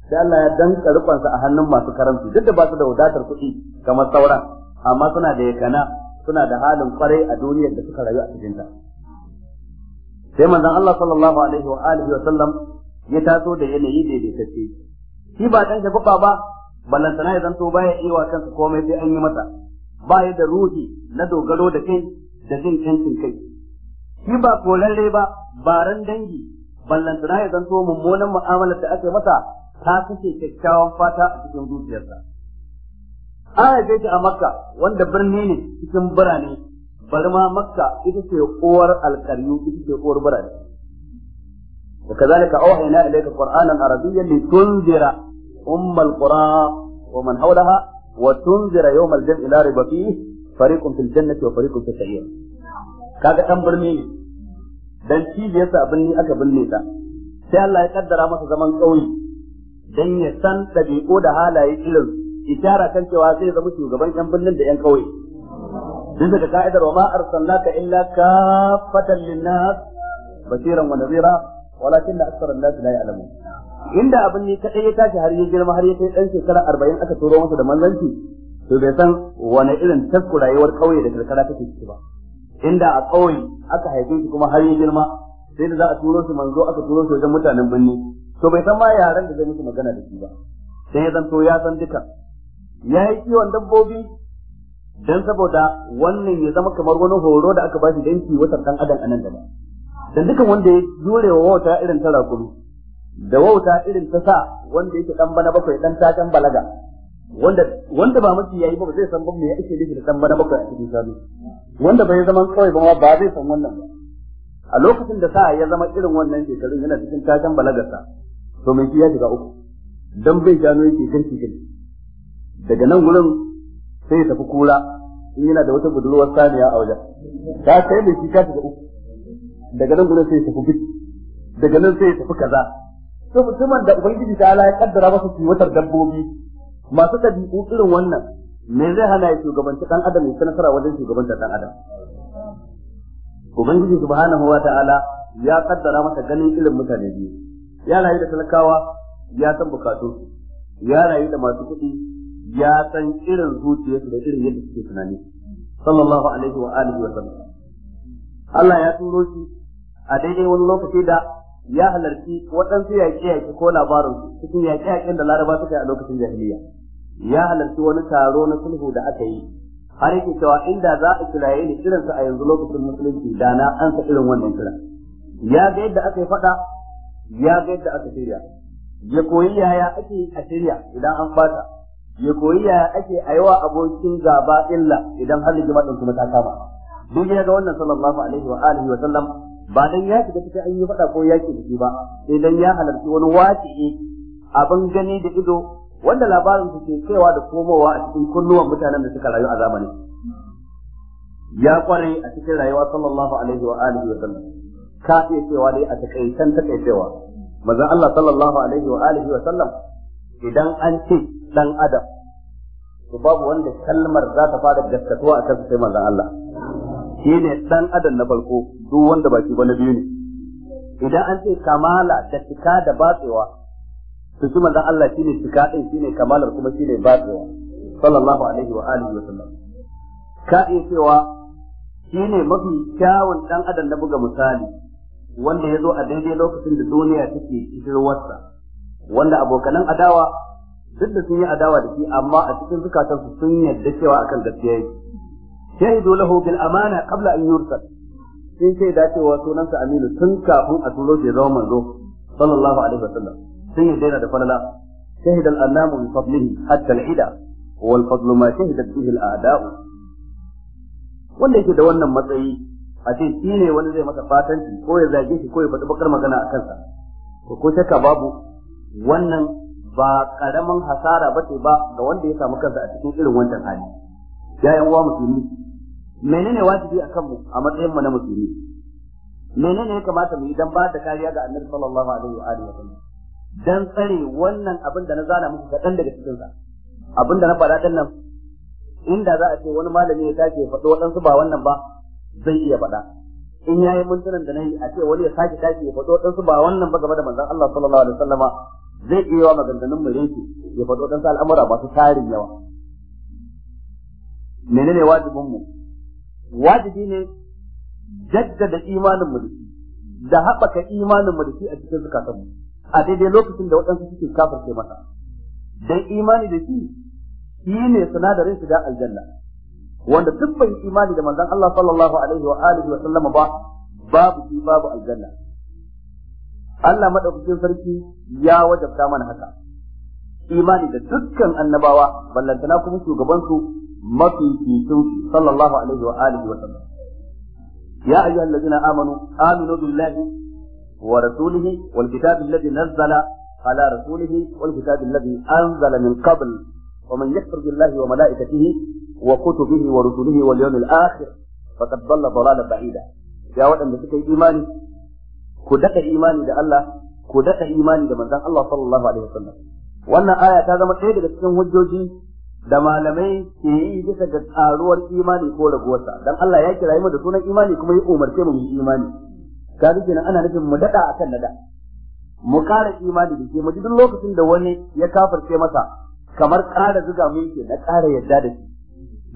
[SPEAKER 1] sai Allah ya danka rikonsa a hannun masu karamci duk da ba su da wadatar kuɗi kamar sauran amma suna da yakana suna da halin kwarai a duniyar da suka rayu a cikin ta sai manzon Allah sallallahu alaihi wa alihi wa sallam ya taso da yanayi daidaitacce shi ba dan shafuka ba ballantana ya zanto baya iya wa kansa komai sai an yi masa ba ya da ruhi na dogaro da kai da jin kancin kai shi ba korarre ba baran dangi ballantana ya zanto mummunan mu'amalar da aka yi masa ta kace kyakkyawan fata a cikin zuciyarsa an haife ta a makka wanda birni ne cikin birane bari ma makka ita ce uwar alkaryu ita ce uwar birane وكذلك أوحينا إليك قرآنا عربيا لتنذر أم القرى ومن حولها وتنذر يوم الجمع لا ريب فيه فريق في الجنة وفريق في السعير kaga dan birni ne dan cibiyarsa a birni aka binne ta sai Allah ya kaddara masa zaman ƙauye dan ya san ɗabi'u da halaye irin ishara kan cewa zai zama shugaban yan birnin da yan kauye bisa daga ka'idar wa ma arsalnaka illa kafatan linnas basiran wa nadira walakin la an nas la ya'lamun inda abin ne kadai ya tashi har ya girma har ya kai dan shekara 40 aka turo masa da manzanci to bai san wani irin tasku rayuwar kauye da karkara take ciki ba inda a kauye aka haife shi kuma har ya girma sai da za a turo shi manzo aka turo shi wajen mutanen birni to bai san ma yaran da zai musu magana da shi ba sai ya zanto ya san duka ya yi kiwon dabbobi dan saboda wannan ya zama kamar wani horo da aka bashi dan kiwatar dan adam a nan gaba dan dukan wanda ya jure wa wauta irin ta rakuru da wauta irin ta sa wanda yake dan bana bakwai dan ta dan balaga wanda wanda ba miki yayi ba zai san ba me ake nufi da dan bana bakwai a cikin shanu wanda bai zama kawai ba ba zai san wannan ba a lokacin da sa ya zama irin wannan shekarun yana cikin dan balagarsa to mai ya shiga uku dan bai gano yake kanki kanki daga nan gurin sai ya tafi kura in yana da wata budurwar saniya a wajen ta sai da shi ka da uku daga nan gurin sai ya tafi bit. daga nan sai ya tafi kaza to mutumin da ubangiji ta ala ya kaddara masa kiwatar dabbobi masu ɗabi'u irin wannan me zai hana ya shugabanci dan adam ya nasara wajen shugabantar dan adam ubangiji subhanahu wa ta'ala ya kaddara masa ganin irin mutane biyu ya rayu da talakawa ya san bukatu ya rayu da masu kuɗi ya san irin zuciyarsu da irin yadda suke tunani sallallahu alaihi wa alihi wa sallam Allah ya turo shi a daidai wani lokaci da ya halarci waɗansu yaƙe-yaƙe ko labarin cikin yaƙe-yaƙen da laraba suka yi a lokacin jahiliya ya halarci wani taro na sulhu da aka yi har yake cewa inda za a kiraye ni sa a yanzu lokacin musulunci da na sa irin wannan kira ya ga yadda aka yi faɗa ya ga yadda aka shirya ya koyi yaya ake a shirya idan an fata ya koyi ya ake aiwa abokin gaba illa idan har rigima din kuma ta kama duk ya ga wannan sallallahu alaihi wa alihi wa sallam ba dan ya shiga cikin an yi fada ko yaki da shi ba sai dan ya halarci wani waci'i abin gani da ido wanda labarin su ke kaiwa da komowa a cikin kunnuwan mutanen da suka rayu a zamanin ya kware a cikin rayuwa sallallahu alaihi wa alihi wa sallam ka ce cewa dai a takaitan takaicewa manzon Allah sallallahu alaihi wa alihi wa sallam idan an ce dan adam to babu wanda kalmar za ta fara gaskatuwa a kansa sai manzon Allah shi ne dan adam na farko duk wanda ba ba na biyu ne idan an ce kamala da cika da batsewa to shi manzon Allah ne cika din ne kamalar kuma ne batsewa sallallahu alaihi wa alihi wa sallam ka iya cewa ne mafi kyawun dan adam na buga misali wanda ya zo a daidai lokacin da duniya take cikin wasa wanda abokanan adawa duk da sun yi adawa da shi amma a cikin zukatansu sun yarda cewa akan gaskiya yake shahidu lahu bil amana qabla an yursal sun ce da cewa sunansa aminu tun kafin a turo shi zama manzo sallallahu alaihi wasallam sun yi daina da falala shahida al anamu bi fadlihi hatta al ida wal fadlu ma shahidat bihi al a'da'u wanda yake da wannan matsayi a ce shi ne wanda zai masa fatanci ko ya zage shi ko ya faɗi bakar magana a kansa ko shakka babu wannan ba karamin hasara ba ce ba ga wanda ya samu kansa a cikin irin wancan hali yayan uwa musulmi menene wajibi a kanmu a matsayin mu na musulmi menene ya kamata mu yi dan ba da kariya ga annabi sallallahu alaihi wa alihi wasallam dan tsare wannan abin da na zana muku kaɗan daga cikin sa abin da na fara dan nan inda za a ce wani malami ya tashi ya faɗo waɗansu ba wannan ba zai iya faɗa in yayi mintunan da nayi a ce wani ya sake tashi ya faɗo waɗansu ba wannan ba game da manzon Allah sallallahu alaihi wasallama zai iya yawa maganganun mu ya faɗo ɗansa al'amura su tarin yawa menene wajibin mu wajibi ne jaddada imanin mu da shi haɓaka imanin mu da shi a cikin zukatan mu a daidai lokacin da waɗansu suke sai masa dan imani da shi shi ne sinadarin shiga aljanna wanda duk bai imani da manzon Allah sallallahu alaihi wa alihi wa sallama ba babu shi babu aljanna Allah madaukakin sarki ya wajabta mana haka imani da dukkan annabawa ballantana kuma shugaban su mafi fitin sallallahu alaihi wa alihi wa sallam ya ayyuhal ladina amanu aminu billahi wa rasulihi wal kitabi alladhi nazzala ala rasulihi wal kitabi alladhi anzala min qabl wa يكفر wa وملائكته وكتبه ورسله واليوم الآخر فقد ضل ضلالا بعيدا يا ودن da suka yi imani ku daɗa imani da Allah ku daɗa imani da manzon Allah sallallahu alaihi wasallam wannan aya ta zama ɗaya daga cikin hujjoji da malamai ke yi bisa ga tsaruwar imani ko raguwarsa dan Allah ya kira mu da sunan imani kuma ya umarce mu mu imani ka kenan ana nufin mu daɗa akan nada mu kare imani da ke mu duk lokacin da wani ya kafarce masa kamar kara zuga mu yake na kara yadda da shi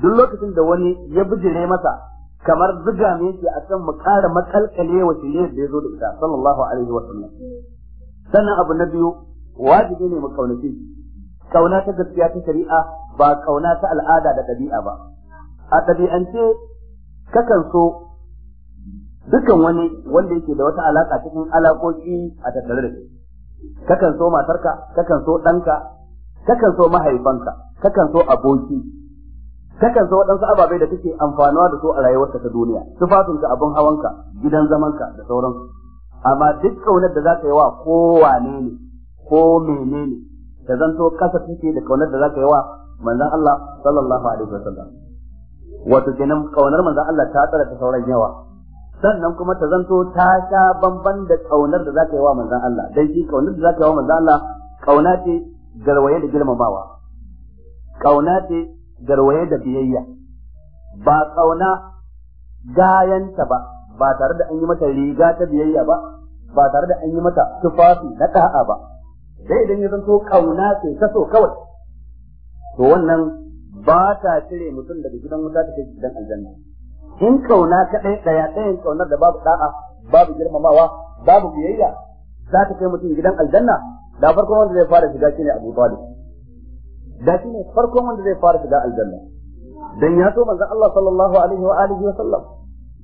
[SPEAKER 1] duk lokacin da wani ya bijire masa kamar zuga ne yake kan mu ƙara makalkale wa shirye da ya zo da ita sallallahu alaihi wa sallam sannan abu na biyu wajibi ne mu kaunaci kauna ta gaskiya ta shari'a ba kauna ta al'ada da ɗabi'a ba a ɗabi'ance kakan so dukan wani wanda yake da wata alaka cikin alakoki a tattare da kakan so matarka kakan so ɗanka kakan so mahaifanka kakan so aboki kakan san waɗansu ababai da kake amfanuwa da su a rayuwarka ta duniya tufafinka abin hawanka gidan zamanka da su. amma duk kaunar da zaka yi wa kowane ne ko menene ta zanto kasa take da kaunar da zaka yi wa manzon Allah sallallahu alaihi wasallam wato kenan kaunar manzon Allah ta tsara ta sauran yawa sannan kuma ta zanto ta sha bamban da kaunar da zaka yi wa manzon Allah dan shi kaunar da zaka yi wa manzon Allah kauna ce garwaye da girmamawa kauna ce garwaye da biyayya ba kauna gayanta ba ba tare da an yi mata riga ta biyayya ba ba tare da an yi mata tufafi na ɗa'a ba sai idan ya zanto ƙauna ce ta so kawai to wannan ba ta cire mutum daga gidan wuta ta kai gidan aljanna in kauna kadai ɗaya ɗayan kaunar da babu ɗa'a, babu girmamawa babu biyayya za ta kai mutum gidan aljanna da farko wanda zai fara shiga shi ne Abu Talib da shi ne farkon wanda zai fara shiga aljanna dan ya so manzon Allah sallallahu alaihi wa alihi wa sallam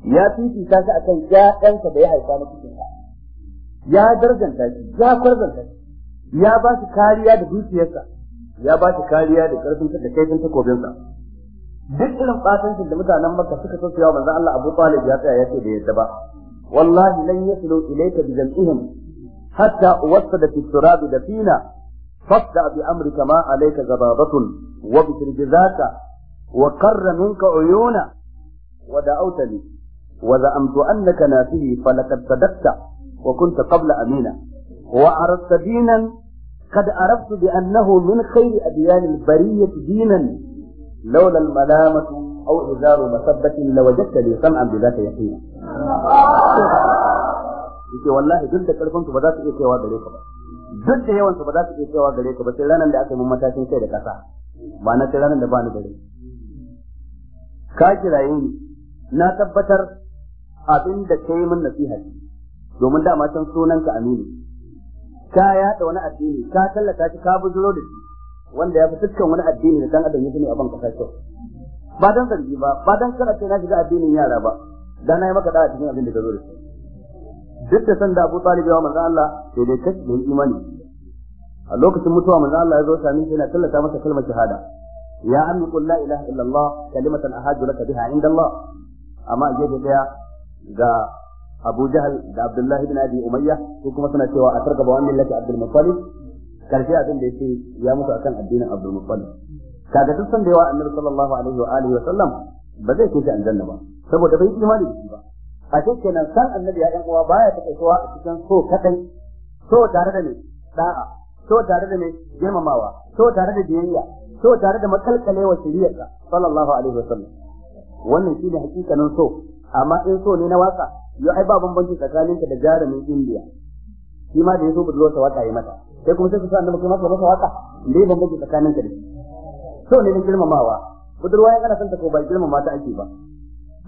[SPEAKER 1] ya fifita shi akan ƴaƴansa da ya haifa na cikin ya darjanta shi ya kwarzanta shi ya ba shi kariya da dukiyarsa ya ba shi kariya da karfin da kaifin takobinsa duk irin fatancin da mutanen Makka suka so su yawa manzon Allah Abu Talib ya tsaya ya ce da yadda ba wallahi lan yaslu ilayka bi jam'ihim hatta wasada fi turabi Fina. فابدا بأمرك ما عليك زبابة وبشر جزاك وقر منك عيونا ودعوتني وزعمت أنك نافي فلقد صدقت وكنت قبل أمينا وعرضت دينا قد عرفت بأنه من خير أديان البرية دينا لولا الملامة أو إزار مسبة لوجدت لي سمعا بذات يقينا yake والله duk da بدات ku وهذا za duk da yawan su ba za su iya cewa gare ka ba sai ranar da aka yi matakin kai da ƙasa ba na sai ranar da ba ni gare ka kiraye ni na tabbatar abin da ka yi min nasiha domin dama can ka aminu ka yaɗa wani addini ka tallata shi ka bujuro da shi wanda ya fi dukkan wani addini da dan adam ya gani a ban kasa kyau ba dan zargi ba ba dan kana ce na shiga addinin yara ba dan na yi maka da cikin abin da ka zo da shi duk da san da Abu Talib ya manzo Allah sai dai kashi da imani a lokacin mutuwa manzo Allah ya zo ta min yana tallata masa kalmar shahada ya ammi qul la ilaha illa Allah kalimatan ahadu laka biha inda Allah amma a gefe daya ga Abu Jahal da Abdullahi bin Abi Umayyah su kuma suna cewa a targaba wannan lati Abdul Muttalib karshe abin da yake ya mutu akan addinin Abdul Muttalib kaga duk san da yawa Annabi sallallahu alaihi wa alihi wa sallam ba zai kai shi aljanna ba saboda bai imani da shi ba a cikin nan san annabi ya ɗan uwa baya ta kaitowa a cikin so kaɗai so tare da ni da'a so tare da ne girmamawa so tare da biyayya so tare da makalkalewa shiriyarsa sallallahu alaihi wasallam wannan shine hakikanin so amma in so ne na waka yo ai ba bambanci tsakanin ka da jarumin indiya shi ma da yaso budurwa sa waka yi mata sai kuma sai su sa annabi kuma sa masa waka dai bambanci tsakanin ka da so ne na girmamawa budurwa ya kana son ta ko ba girmama ta ake ba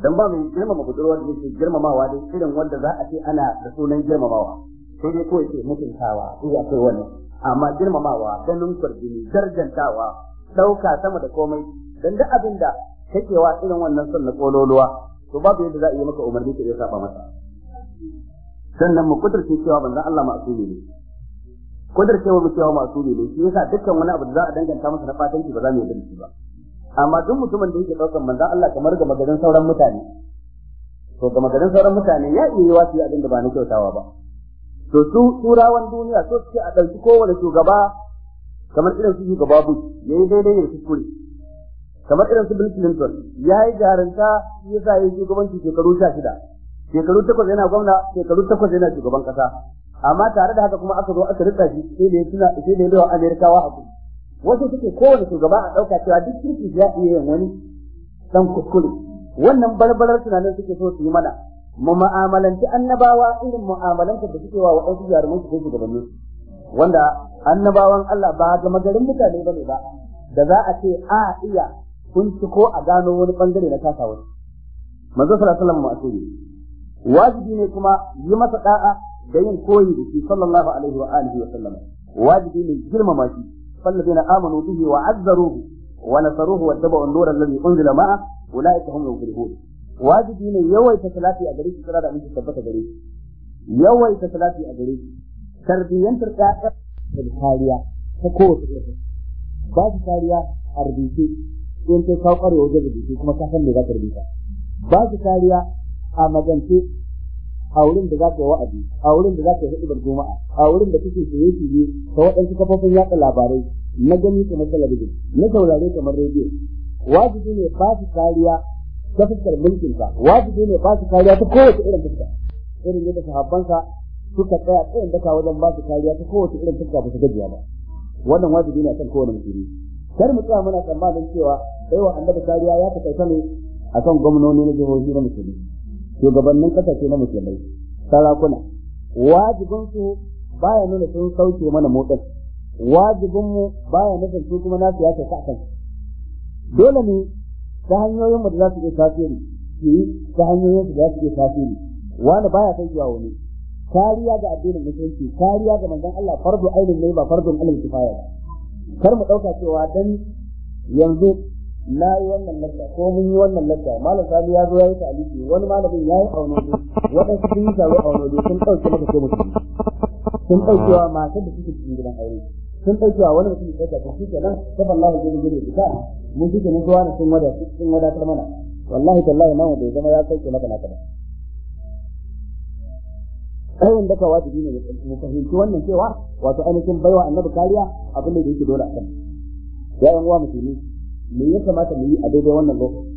[SPEAKER 1] dan ba mu girmama budurwar da yake girmamawa dai irin wanda za a ce ana da sunan girmamawa sai dai ko yake mutuntawa ya akwai wannan amma girmamawa ganin kurjini darjantawa dauka sama da komai dan duk abin da kake wa irin wannan sunna kololuwa to babu yadda za a yi maka umarni ka iya saba masa sannan mu kudurce cewa banza Allah ma'asumi ne kudurce mu cewa ma'asumi ne shi yasa dukkan wani abu da za a danganta masa na fatanci ba za mu yi dinki ba amma duk mutumin da yake daukar manzon Allah kamar ga magarin sauran mutane to ga magarin sauran mutane ya iya yiwa su abin da ba na kyautawa ba to su turawan duniya so suke a ɗauki kowane shugaba kamar irin su shugaba Bush ya yi daidai ya kuskure kamar irin su Bill Clinton ya yi jarinta ya sa ya shugabanci shekaru sha shida shekaru takwas yana gwamna shekaru takwas yana shugaban kasa amma tare da haka kuma aka zo aka rika shi sai da ya tuna sai da ya dawo Amerikawa hakuri wasu suke kowane shugaba a ɗauka cewa duk kirki ya iya yin wani dan kuskure wannan barbarar tunanin suke so su yi mana mu ma'amalanci annabawa irin mu'amalantar da suke wa waɗansu jaruman su ko shugabanni wanda annabawan Allah ba ga magarin mutane bane ba da za a ce a iya kun ci ko a gano wani bangare na kasa wani manzo sallallahu alaihi wasallam wajibi ne kuma yi masa da'a da yin koyi da shi sallallahu alaihi wa alihi wa sallam wajibi ne girmama shi فالذين آمنوا به وعذروه ونصروه واتبعوا النور الذي أنزل معه أولئك هم المفلحون wajibi ne yawaita salati a gare shi tsara da aminci tabbata gare shi yawaita salati a gare shi tarbiyyantar ɗaya da kariya ta kowace irin ba shi kariya a rubuce in kuma ba a magance a wurin da za ka yi wa'azi a wurin da za ka yi hudubar goma'a, a wurin da kake shirye shirye ta waɗansu kafofin yaɗa labarai na gani kamar talabijin na saurare kamar rediyo wajibi ne ba su kariya ta fuskar mulkinsa wajibi ne ba su kariya ta kowace irin fuska irin yadda sahabbansa suka tsaya tsayin daka wajen ba su kariya ta kowace irin fuska ba su gajiya ba wannan wajibi ne a kan kowane musulmi kar mu tsaya muna tsammanin cewa baiwa annabi kariya ya takaita ne akan gwamnoni na jihohi na musulmi shugabannin kasashe na musulmai sarakuna wajibin su baya nuna sun sauke mana motsin wajibin mu baya nufin su kuma nasu ya ta kan dole ne ta hanyoyin mu da za su iya tasiri Ki yi ta hanyoyin su da za su iya tasiri wani baya kai zuwa wani kariya ga addinin musulunci kariya ga manzon Allah fardu ainin ne ba fardun alal kifaya ba kar mu dauka cewa dan yanzu na yi wannan lakka ko mun yi wannan lakka malam sami ya zo ya yi ta'aliki wani malamin ya yi auno ne waɗansu sun yi taro auno ne sun ɗauke maka ko mutum sun ɗaukewa matan da suke cikin gidan aure sun wa wani mutum ya ɗauka shi ke nan ta fallahi gini gini da ta mun shi ke nan zuwa na sun wada sun wadatar mana wallahi tallahi namu bai zama ya sauke maka naka ba kawai da ka wajibi ne mu fahimci wannan cewa wato ainihin baiwa annabi kariya abin da yake dole a kan ya yan uwa musulmi me ya kamata mu yi a daidai wannan lokaci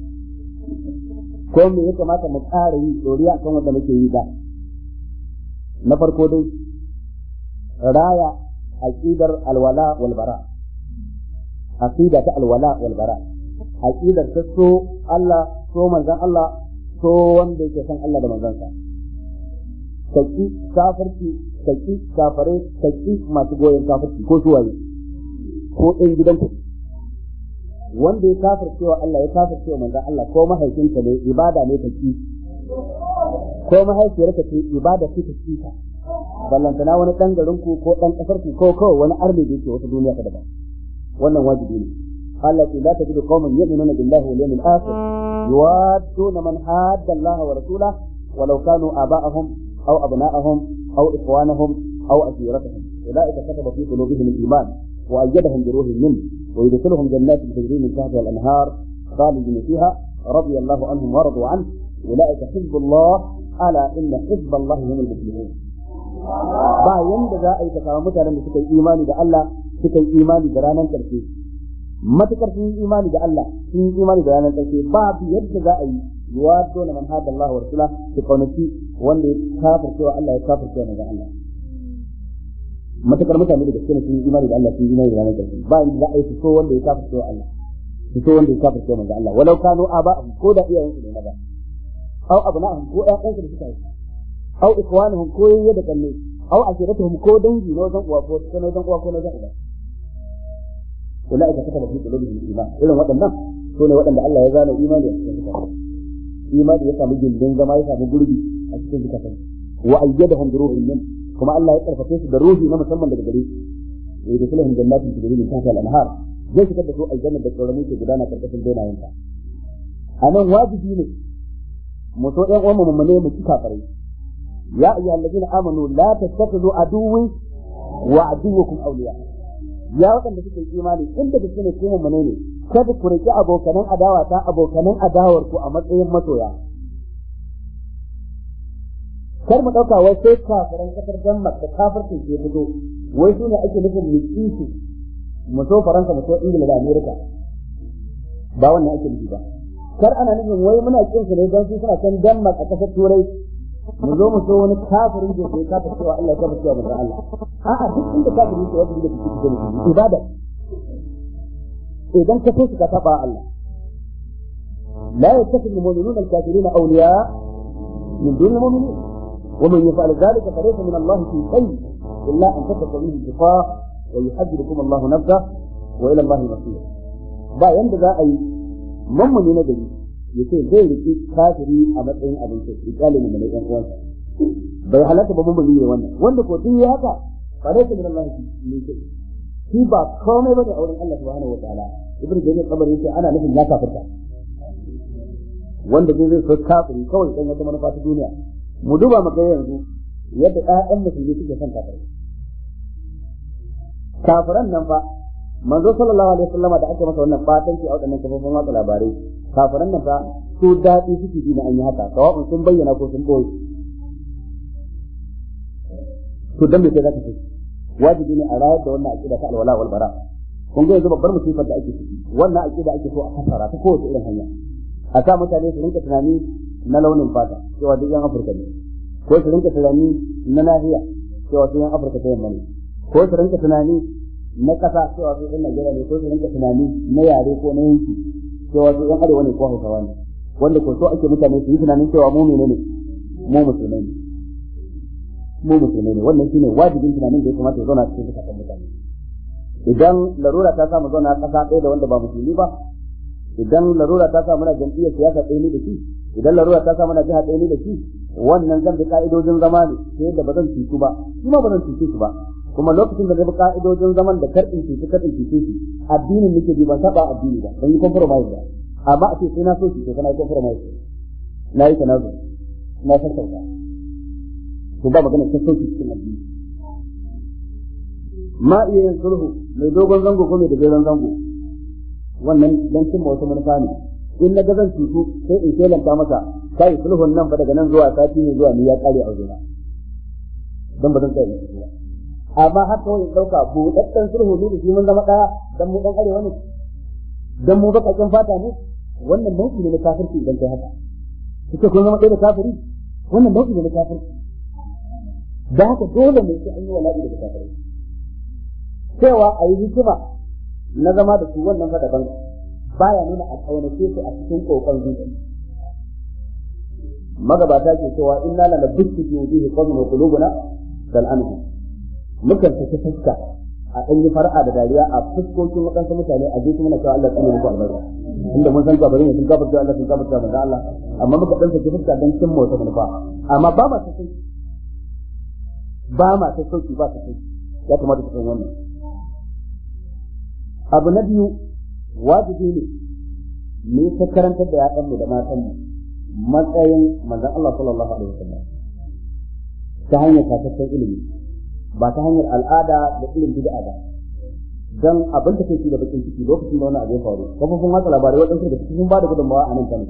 [SPEAKER 1] ko me ya kamata mu ƙara yi doriya kan wanda muke yi ba? na farko dai raya aqidar alwala wal bara aqida ta alwala wal bara aqidar ta so Allah so manzon Allah so wanda yake san Allah da manzansa kaki kafirci kaki kafare kaki masu goyon kafirci ko suwaye ko ɗan gidan kuɗi wanda ya kafar cewa Allah ya kafar cewa manzon Allah ko mahaifinka ne ibada ne ta ci ko mahaifiyarka ce ibada ce ta ci ta ballantana wani dan garin ku ko dan kasar ku ko kawai wani arme da yake wata duniya ta daban wannan wajibi ne Allah ce la tajidu qauman yu'minuna billahi wal yawmil akhir yuwadduna man hadda Allah wa rasulahu walau kanu aba'ahum aw abna'ahum aw ikhwanahum aw asiratahum ulaika kataba fi qulubihim al-iman wa ayyadahum bi ruhin minhu ويدخلهم جنات تجري من تحتها الانهار خالدين فيها رضي الله عنهم ورضوا عنه اولئك حزب الله الا ان حزب الله هم المفلحون ba yanda za a yi ka samu mutanen da suka yi imani da Allah suka yi imani da ranar ƙarshe matukar sun yi imani da Allah sun yi imani da ranar ƙarshe ba yadda za a yi yuwa dole man hada Allah wa rasula su kaunaci wanda ya kafircewa Allah ya kafircewa manzo Allah matakar mutane da gaske ne sun yi imani da Allah sun yi imani da ranar ƙarshe ba inda za a yi fito wanda ya kafa cewa Allah fito wanda ya kafa cewa manzo Allah walau kanu aba ko da iyayen su ne maza aw abna'ahum ko ƴaƴan su da suka yi aw ikwanuhum ko yayye da kanne aw ashiratuhum ko dangi na wajen uwa ko na wajen uwa ko na wajen uba ulaika kataba fi qulubihim iman irin waɗannan su ne waɗanda Allah ya zana imani a cikin zukatan imani ya samu gindin zama ya samu gurbi a cikin zukatan wa ayyadahum bi ruhin min kuma Allah ya karfafe su da ruhi na musamman daga gare shi wa yadkhuluhum jannatin tajri da tahtiha al-anhar zai shigar da su aljanna da tsoron ke gudana karkashin A nan, wajibi ne mu so ɗan uwan mu mu ne mu ci kafirai ya ayyuhal ladina amanu la tattakhidhu aduwwi wa aduwwakum awliya ya waɗanda suke imani inda da ne kuma mu ne kada ku rike abokanan adawa ta abokanan adawar ku a matsayin masoya kar mu ɗauka wai sai kafiran ƙasar Denmark da kafircin ke fito wai su ne ake nufin mutunci mu so Faransa mu so Ingila da Amerika ba wannan ake nufi ba kar ana nufin wai muna kin su ne don su suna can Denmark a ƙasar Turai mu zo mu so wani kafirin da ke kafa cewa Allah ya kafa cewa manzo Allah a'a duk inda kafirin ke wanda yake cikin ibada idan ka so su ka taba Allah لا يتخذ المؤمنون الكافرين أولياء من دون المؤمنين ومن يفعل ذلك فليس من الله في شيء إلا أن تتقوا منه الشقاء ويحذركم الله نفسه وإلى الله المصير ba yanda za a yi mammuni na gari ya ce zai riki kafiri a matsayin abin sai ikali bai halatta ba mammuni ne wannan wanda ko tun ya haka ba ta kuma Allah ne ke shi ba komai bane a wurin Allah subhanahu wataala ibnu jarir kabari yace ana nufin ya kafirta wanda zai zai kafiri kawai dan wata manufa ta duniya mu duba mu ga yanzu yadda ƴaƴan musulmi suke son kafirai kafiran nan fa manzo sallallahu alaihi wasallam da ake masa wannan batanci a wadannan kafofin watsa labarai kafiran nan fa su daɗi suke ji na an yi haka sawa'un sun bayyana ko sun ɓoye to dan me sai zaka ce wajibi ne a rayar da wannan aqida ta alwala wal bara kun ga yanzu babbar musibar da ake ciki wannan aqida ake so a kasara ta kowace irin hanya a sa mutane su rinka tunani na launin fata cewa duk yan afirka ne ko su rinka tunani na nahiya cewa su yan afirka ta yamma ne ko su rinka tunani na kasa cewa su yan najeriya ne ko su rinka tunani na yare ko na yanki cewa su yan arewa ne ko hausawa ne wanda ko so ake mutane su yi tunanin cewa mu menene mu musulmai ne mu musulmai ne wannan shine wajibin tunanin da ya kamata ya zauna cikin zukatan mutane idan larura ta samu zauna kasa ɗaya da wanda ba musulmi ba idan larura ta samu na jam'iyyar siyasa ɗaya ne da shi idan larura ta samu na jiha ɗaya ne da shi wannan zan bi ka'idojin zama ne ta yadda ba zan cutu ba kuma ba zan cutu su ba kuma lokacin da zai bi ka'idojin zaman da karɗin cutu karɗin cutu shi addinin nake bi ban saba addini ba ban yi compromise ba amma a ce sai na so shi sai na yi compromise na yi tanazu na sassauta to ba magana sauki cikin addini ma iya yin sulhu mai dogon zango ko mai da zango wannan dan cin wata manufa ne in na gazan cutu sai in ta masa kai sulhun nan fa daga nan zuwa sati ne zuwa ni ya kare a wajena dan ba zan kai ba amma har ko in dauka buɗaɗɗen sulhu ne da shi mun zama ɗaya dan mu dan kare wani dan mu kin fata ne wannan mauki ne na kafirci idan kai haka kike kun zama ɗaya da kafiri wannan mauki ne na kafirci da haka dole ne sai an yi wala'i da kafiri cewa a yi hikima na zama da su wannan fa daban baya nuna a kaunace su a cikin kokon zuciya magabata ke cewa inna la nabtu fi wujuhi qawmin wa qulubuna kal anhu mukan ta fuska a dan yi far'a da dariya a fuskokin wadansu mutane a jikin mana cewa Allah tsine muku albarka inda mun san gabarin sun da Allah sun da manzo Allah amma muka dan ta fuska dan cin mota manufa amma ba ma ta ba ma ta sauki ba ta sauki ya kamata ku san wannan abu na biyu wajibi ne mu ta karantar da yaƙanmu da matanmu matsayin manzon Allah sallallahu alaihi wasallam ta hanyar tataccen ilimi ba ta hanyar al'ada da ilimin bid'a ba dan abin da kai da bakin ciki lokacin da wani abu ya faru kafofin watsa labarai waɗansu da cikin ba da gudunmawa a nan kano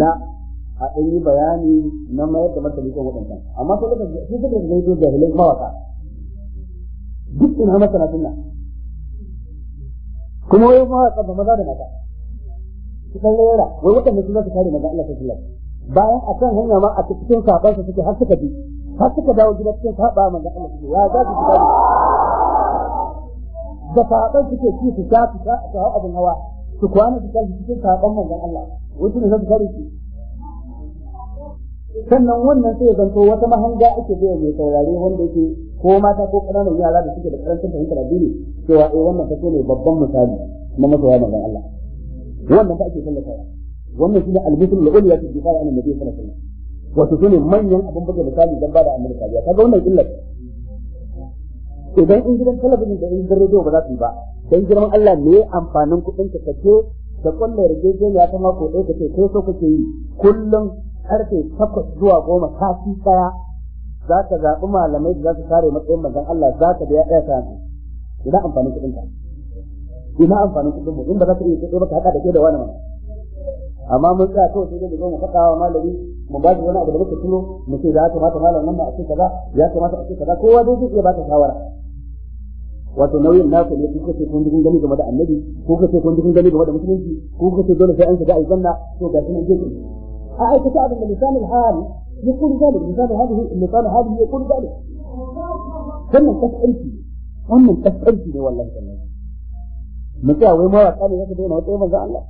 [SPEAKER 1] na a ɗan yi bayani na mayar da martani kan waɗanda amma sai da su suka zai zai jahilai mawaka duk ina masana sunna kuma wai fa tsaba maza da mata su kan rera wai waɗanda su za su kare maza Allah ta kula bayan a kan hanya ma a cikin saban su suke har suka bi har suka dawo gida cikin saba manzo Allah Ta suke ya za su shiga da saban suke ci su sha su sha abin hawa su kwana su kalli cikin saban manzo Allah wasu ne za su kare su sannan wannan sai zanto wata mahanga ake bai mai saurare wanda yake ko mata ko ƙananan yara da suke da ƙarancin fahimtar addini cewa eh wannan ta ne babban misali na masoya manzon Allah wannan ba ake tallatawa wannan shine al-bisr al-ulya fi difar an annabi sallallahu alaihi wasallam wato sune manyan abin buga misali dan bada annabi kariya kaga wannan illa idan in gidan talabijin da in gidan rediyo ba za su yi ba dan girman Allah me amfanin kuɗin ka kace da kullu ya ta mako ɗaya kace kai so kake yi kullum karfe takwas zuwa goma sati ɗaya za ka zaɓi malamai da za su kare matsayin manzon Allah za ka biya ɗaya kayan ina amfanin kuɗin ka ina amfanin kuɗin mu in ba za ka iya kuɗi ba ka haɗa da ke da wani mana amma mun tsaya kawai sai dai mu zo mu faɗa wa malami mu ba shi wani abu da muka turo mu ce ya kamata malam nan a ce kaza ya kamata a ce kaza kowa dai zai iya ba ta shawara wato nauyin naku ne kuka ce kun dukun gani game da annabi kuka ce kun dukun gani game da musulunci kuka ce dole sai an shiga aljanna to ga shi nan je a aikata abin da misalin hali يقول ذلك لذلك هذه المثال هذه يقول ذلك ثم تسألتي ثم تسألتي لو الله تعالى متى وين ما كان يجي دون وقت ما زال الله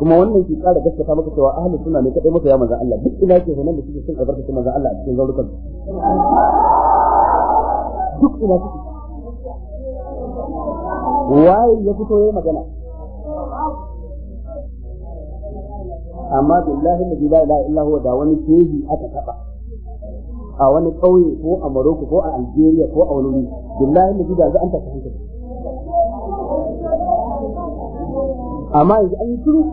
[SPEAKER 1] كما وين يجي قال بس كتابك سوى أهل السنة متى ما كان ما الله بس إلى كي هنا نسيب سن أبرك ما زال الله سن زالك دك إلى كي واي يكتب وين ما كان
[SPEAKER 2] amma billahi
[SPEAKER 1] la ilaha illa da wani keji aka taba a wani kauye ko a Morocco ko a Algeria ko a wani billahi la da an ta hankali amma yanzu an yi shiru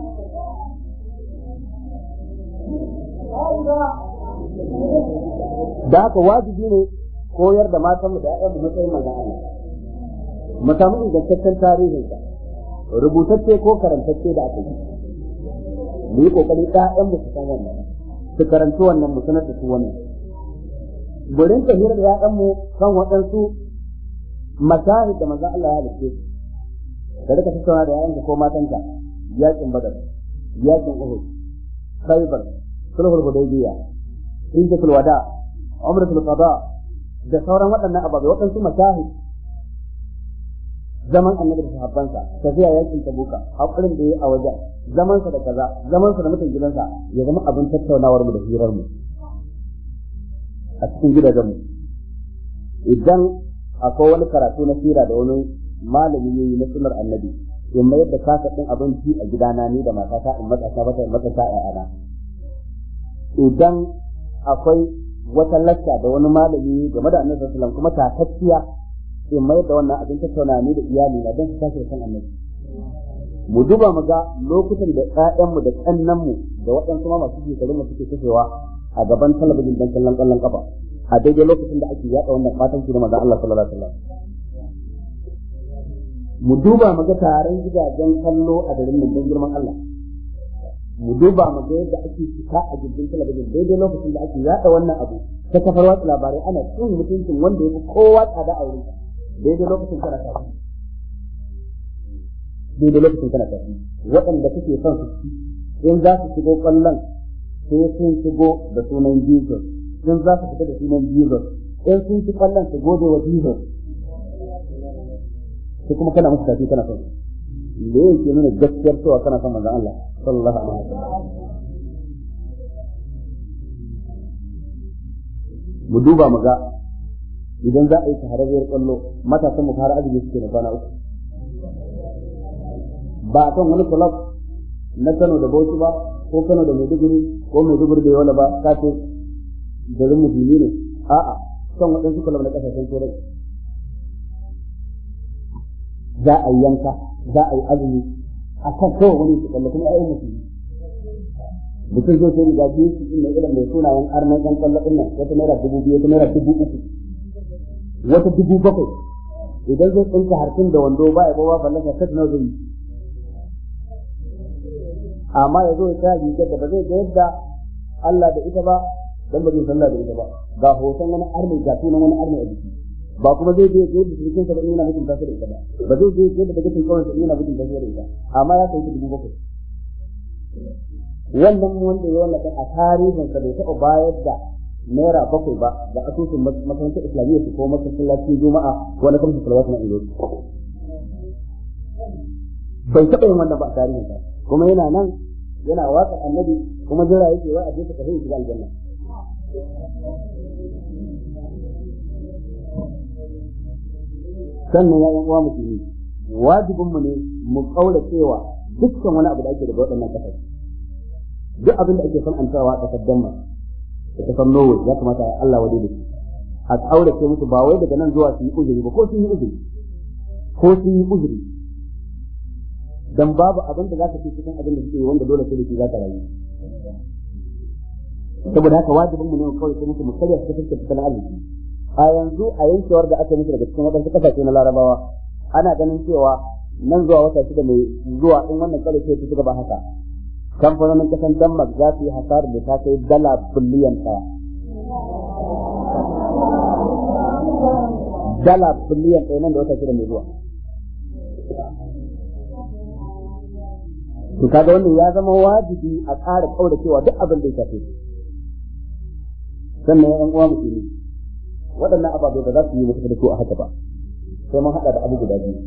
[SPEAKER 1] da haka wajibi ne koyar da matan mu da ƴaƴan mu matsayin manzon Allah mu samu ingantaccen tarihinsa rubutacce ko karantacce da aka yi mu yi kokari ɗayan mu su san wannan su karanci wannan mu sanar da su wannan gurin ta hira da ƴaƴan mu kan waɗansu masahi da manzon Allah ya dace ka rika tattauna da ƴaƴanka ko matanka yakin badar yakin uhud khaybar sulhul hudaybiya hijjatul wada umratul qada da sauran waɗannan ababai waɗansu masahi zaman annabi da sahabbansa tafiya yakin tabuka hakurin da yi a wajen zamansa da kaza zamansa da mutan gidansa ya zama abin tattaunawar mu da hirar mu a cikin gidajen mu idan akwai wani karatu na sira da wani malami yayi na sunnar annabi in mayar da kasa din abinci a gidana ni da matata in matsasa mata in matsasa ƴaƴana idan akwai wata lacca da wani malami game da annabi sallallahu alaihi wasallam kuma takakkiya in mai da wannan abin tattauna ni da iyali na don su tashi san annabi mu duba mu ga lokutan da ƴaƴanmu da mu da waɗansu ma masu shekaru mu suke kashewa a gaban talabijin dan kallon kallon kafa a daidai lokacin da ake yaɗa wannan fatan ki da manzon Allah sallallahu alaihi wasallam mu duba mu ga taron gidajen kallo a garin nan don girman Allah mu duba mu ga yadda ake cika a gidan talabijin daidai lokacin da ake yaɗa wannan abu ta kafar watsa labarai ana cin mutuncin wanda ya fi kowa tsada a wurin daidai lokacin kana tafi daidai lokacin kana tafi waɗanda kake son su ci in za su shigo ƙwallon sai sun shigo da sunan Jesus in za su fita da sunan Jesus in sun ci ƙwallon su gode wa Jesus sai kuma kana musu tafi kana son da yake nuna gaskiyar cewa kana son manzon Allah sallallahu alaihi wasallam mu duba mu ga idan za a yi shahararriyar kwallo matasan mu fara azumi suke na kwana uku ba a kan wani kulab na Kano da Bauchi ba ko Kano da Maiduguri ko Maiduguri da Yola ba ka ce garin muhimmi ne a'a kan waɗansu kulab na ƙasashen turai za a yi yanka za a yi azumi a kan kawai wani su kwallo kuma ayyukan musulmi mutum zai sai riga biyu su inda ilimin mai sunayen arnan ɗan kwallo ɗin nan wata naira dubu biyu wata naira dubu uku wata dubu bakwai idan zai tsinka harfin da wando ba ya ba ba ya sat na zai amma ya zo ya sa rigar da ba zai ga yadda Allah da ita ba dan ba zai sallah da ita ba ga hoton wani arni ga tunan wani arni a jiki ba kuma zai je ga yadda cikin sa yana mutunta shi da ita ba ba zai je ga da daga cikin kawai yana mutunta shi da ita amma ya kai dubu bakwai wannan wanda ya wannan a tarihin sa bai taɓa bayar da naira bakwai ba da asusun makarantar islamiyya su ko lafi juma'a wani na kamsu salawatu na ilo bai taɓa yin wannan ba a tarihin ta kuma yana nan yana watsa annabi kuma jira yake wa a jefa ka hin shiga aljanna sannan ya yi uwa musulmi wajibin mu ne mu kaura cewa dukkan wani abu da ake da waɗannan kasar duk abin da ake son an a kasar Denmark da kasar Norway ya kamata Allah wadai A su a aurace musu ba wai daga nan zuwa su yi uzuri ba ko sun yi uzuri ko sun yi uzuri dan babu abin da zaka ce cikin abin da suke wanda dole sai da shi zaka rayu saboda haka wajibin mu ne kawai sai musu mu karya su fitta tattalin arziki a yanzu a yankewar da aka yi daga cikin wadansu kasashe na Larabawa ana ganin cewa nan zuwa wata shida mai zuwa in wannan kawai sai suka ba haka kamfanonin kasan Denmark za su yi hasar da ta kai dala biliyan ɗaya. Dala biliyan ɗaya nan da wata shida mai zuwa. Tuka kaga wannan ya zama wajibi a ƙara ƙaura cewa duk abin da ya shafe Sannan Sannan ‘yan uwa musulmi waɗannan ababai ba za su yi wasu da su a haka ba. Sai mun haɗa da abu guda biyu.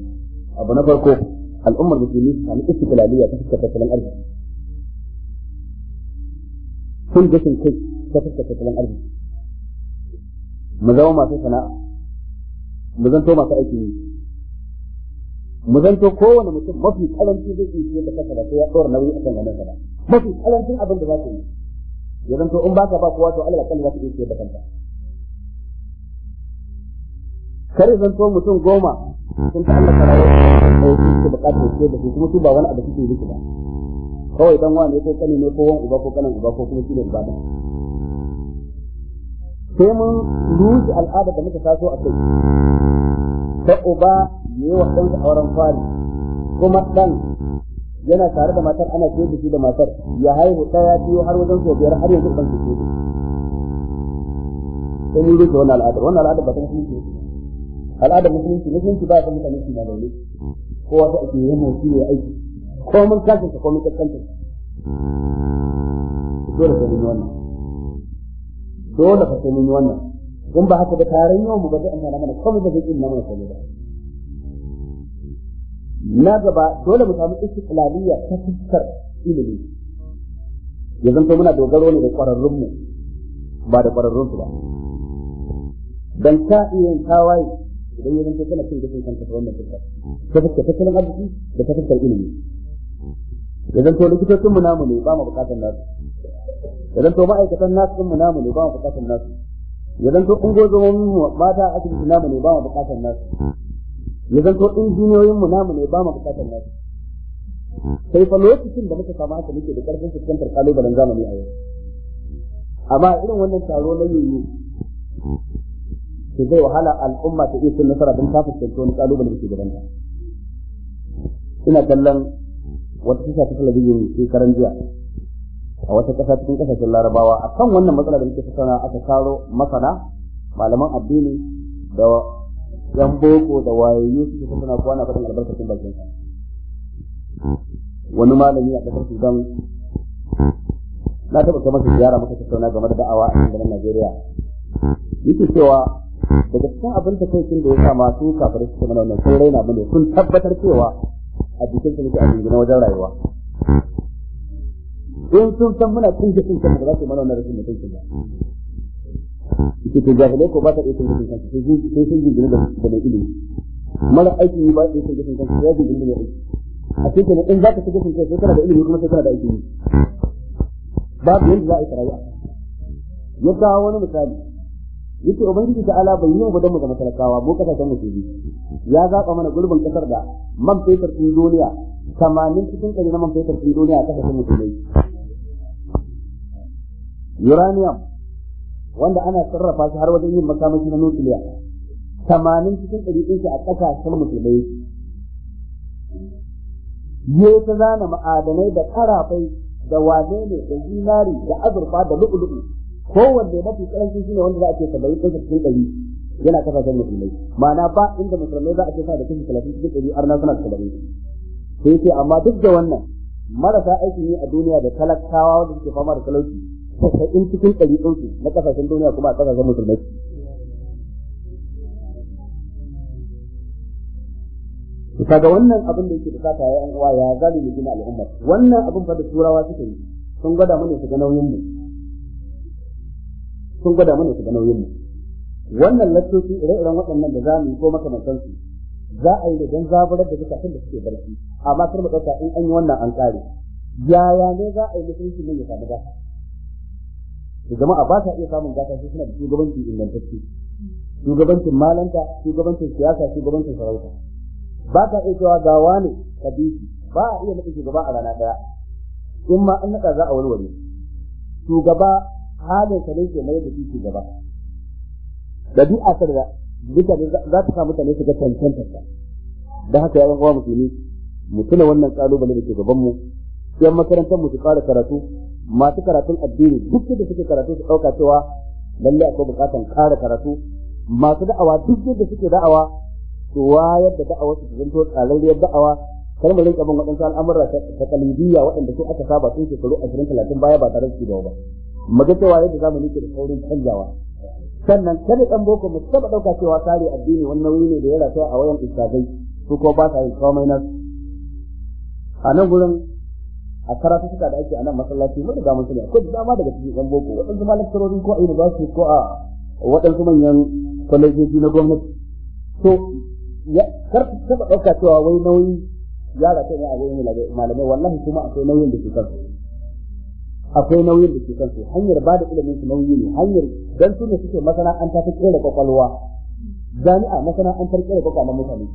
[SPEAKER 1] Abu na farko al'ummar musulmi su sami istiqlaliyya ta fuskar tattalin arziki. sun gashin kai ta fuskar tattalin arziki mu zama masu sana'a mu zanto masu aiki ne mu zanto kowane mutum mafi karanci zai iya ciyar da kansa ba sai ya tsora nauyi akan ganin sa ba mafi karancin abin da za ka yi ya zanto in baka ba kowa to Allah kan za ka iya ciyar da kanka kare zanto mutum goma sun ta Allah karawa da yake bukatar ciyar da su kuma su ba wani abu suke yi ba kawai dan wani ko kani ne ko uba ko kanan uba ko kuma shine uba sai mun rushe al'ada da muka taso a kai ta uba ne wa dan auren fari kuma dan yana tare da matar ana ce da shi da matar ya haihu ta ya biyu har wajen sau biyar har yanzu ban su ce sai mun rushe wannan al'ada wannan al'ada ba ta musulunci al'ada musulunci musulunci ba ta mutane su na da wani kowa ta ake yin mutum ya aiki ko mun kasance ko mun kaskanta dole sai mun wannan dole fa sai wannan in ba haka da taron yau mu ba zai amfana mana komai ba zai yi mana komai ba na gaba dole mu samu istiqlaliyya ta fuskar ilimi ya zanto muna dogaro ne da kwararrun mu ba da kwararrun su ba dan ta iya tawaye idan ya zanto kana cin gashin kanka ta wannan fuskar ta fuskar tattalin arziki da ta fuskar ilimi ya zanto likitocin mu namu ne ba mu bukatar nasu ya zanto ma'aikatan nasu sun mu namu ne ba mu bukatar nasu ya zanto ungozomin mu mata cikin namu ne ba mu bukatar nasu ya zanto injiniyoyin mu namu ne ba mu bukatar nasu sai fa lokacin da muka kama haka muke da karfin fuskantar kalubalen zamani a yau amma irin wannan taro na yoyo ke zai wahala al'umma ta iya cin nasara don ta fuskanci wani kalubale da ke gabanta ina kallon wata tasha ta talabijin shekaran jiya a wata kasa cikin kasashen larabawa a kan wannan matsala da muke tattauna aka karo masana malaman addini da yan boko da wayoyi suke tattauna ko ana faɗin albarkacin bakin sa wani malami a ƙasar sudan na taɓa kamar su ziyara muka tattauna game da da'awa a cikin najeriya yake cewa daga cikin abin da kai da ya sa masu kafin suke mana wannan sun raina mu ne sun tabbatar cewa a jikin su muke a jingina wajen rayuwa in sun san muna tunke tunke da za su mana wannan rashin mutunci ba cikin jahilai ko ba ta iya tunke tunke sun sun jingina da mai ilimi mara aikin yi ba ta iya tunke tunke ya jingina da aiki a cikin in za ka cikin tunke sai kana da ilimi kuma sai kana da aiki yi babu yadda za a yi karawa ya kawo wani misali yace ubangiji ta ala bai yi ba don mu zama talakawa mu kasashen mu bi ya zaba mana gurbin kasar da man fetur cikin duniya tamanin cikin ɗari na man fetur cikin duniya a kasashen musulmai uranium wanda ana sarrafa shi har wajen yin makamashi na nukiliya tamanin cikin ɗari ɗin shi a kasashen musulmai ya ta zana ma'adanai da karafai da wane ne da zinari da azurfa da lu'ulu'u kowanne mafi karanci shine wanda za a ce saba'in ɗin cikin ɗari yana kasashen musulmai ma'ana ba inda musulmai za a ce sa da kashi talatin cikin ɗari arna suna da talatin sai ce amma duk da wannan marasa aikin yi a duniya da talakawa wanda suke fama da talauci in cikin ɗari ɗinsu na kasashen duniya kuma a kasashen musulmai kaga wannan abin da yake bukata ya yan uwa ya zalu mu gina al'umma wannan abin fa da turawa suke yi sun gwada mana su ga nauyin mu sun gwada mana su ga nauyin mu wannan lattoci ire-iren waɗannan da za mu yi ko makamantan su za a yi da don zaburar da zukatan da suke barci amma kar mu ɗauka in an yi wannan an ƙare yaya ne za a yi musulunci ne ya samu gasa da jama'a ba sa iya samun gasa sai suna da shugabancin ingantacce shugabancin malanta shugabancin siyasa shugabancin sarauta ba ta iya cewa ga wani kabisi ba a iya naɗa shugaba a rana ɗaya in ma an naɗa za a warware shugaba halin sa ne ke mai da shi gaba da duk a sarra za ta sa mutane su ga ta da haka yawan yan musulmi mu tuna wannan kalubale da ke gaban mu yan makarantar mu su fara karatu masu karatun addini duk da suke karatu su dauka cewa lalle akwai bukatan ƙara karatu masu da'awa duk da suke da'awa su wayar da da'awa su zanto tsararriyar da'awa kar mu rinka bin waɗansu al'amura ta kalibiya waɗanda su aka saba tun shekaru ashirin talatin baya ba tare da su ba maga cewa yadda mu nike da saurin canzawa sannan kada ɗan boko mu taɓa ɗauka cewa kare addini wani nauyi ne da ya rataya a wayan ustazai su ko ba sa yin komai na a nan gurin a karatu suka da ake a nan masallaci mu da musulmi sani da dama daga cikin ɗan boko waɗansu ma lakcarorin ko a university ko a waɗansu manyan kwalejoji na gwamnati to ya karfi taɓa ɗauka cewa wai nauyi ya rataya ne a wayan malamai wallahi kuma akwai nauyin da ke kansu akwai nauyin da ke kansu hanyar ba da ilimin su nauyi ne hanyar dan su ne suke masana'anta ta da kwakwalwa jami'a masana'antar da kwakwalwa mutane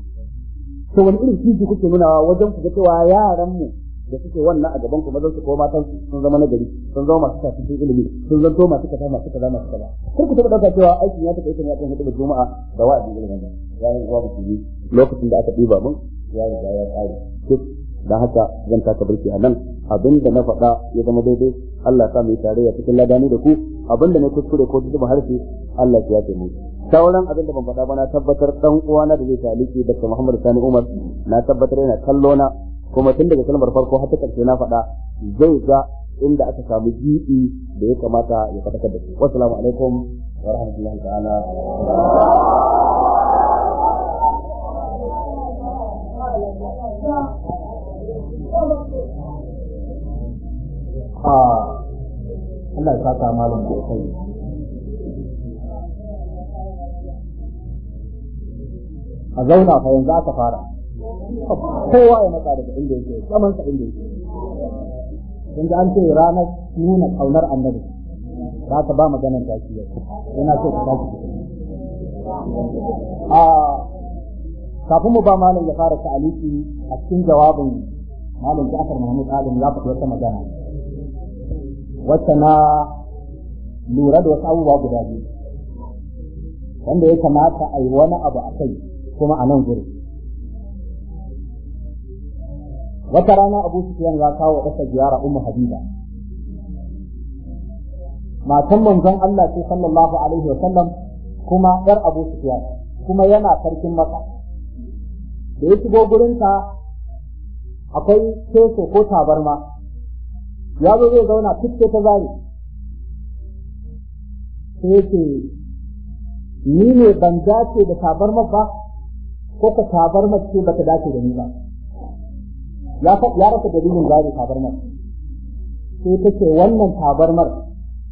[SPEAKER 1] to wani irin kiji kuke nunawa wajen ku ga cewa yaran mu da suke wannan a gaban ku mazan su ko matan su sun zama gari sun zama masu tafi cikin ilimi sun zanto masu kaza masu kaza masu kaza kar ku taɓa ɗauka cewa aikin ya taɓa aikin ya kan hudu da juma'a da wa'adin ilimin ya yi zuwa musulmi lokacin da aka ɗiba mun ya riga ya tsare da haka zan taka barki a nan abinda na faɗa ya zama daidai Allah sa mai tarayya cikin ladani da ku abinda na kuskure ko zuba harshe Allah ya yafe mu sauran abinda ban faɗa ba na tabbatar dan uwana da zai taliki Dr. Muhammad Sani Umar na tabbatar yana kallo na kuma tun daga kalmar farko har ta karshe na faɗa zai ga inda aka samu gidi da ya kamata ya fadakar da su assalamu alaikum wa rahmatullahi ta'ala
[SPEAKER 2] Yeah. a
[SPEAKER 1] ah. Allah ya saka malam da kai a zauna fa yanzu aka fara kowa ya matsa daga inda yake tsamansa inda yake yanzu an ce ranar nuna kaunar annabi za ta ba maganar da ake yau yana so ka tashi a kafin mu ba malam ya fara ta'aliki a cikin jawabin malam Ja'far Mahmud Adam ya faɗi wata magana Wata na lura da wasu abubuwa guda biyu wanda ya kamata a yi wani abu a kai kuma a nan guri wata rana abu sufiyan ya kawo ɗasa ziyara ummu habiba matan manzon Allah ce sallallahu alaihi wa sallam kuma yar abu sufiyan kuma yana sarkin maka da ya shigo gurinta akwai keke ko tabarma ya zo zai zauna fiske ta zari sai ce ni ne ban dace da tabarma ba ko ka tabarma ce ba ta dace da ni ba ya rasa dalilin zari tabarmar sai ta ce wannan tabarmar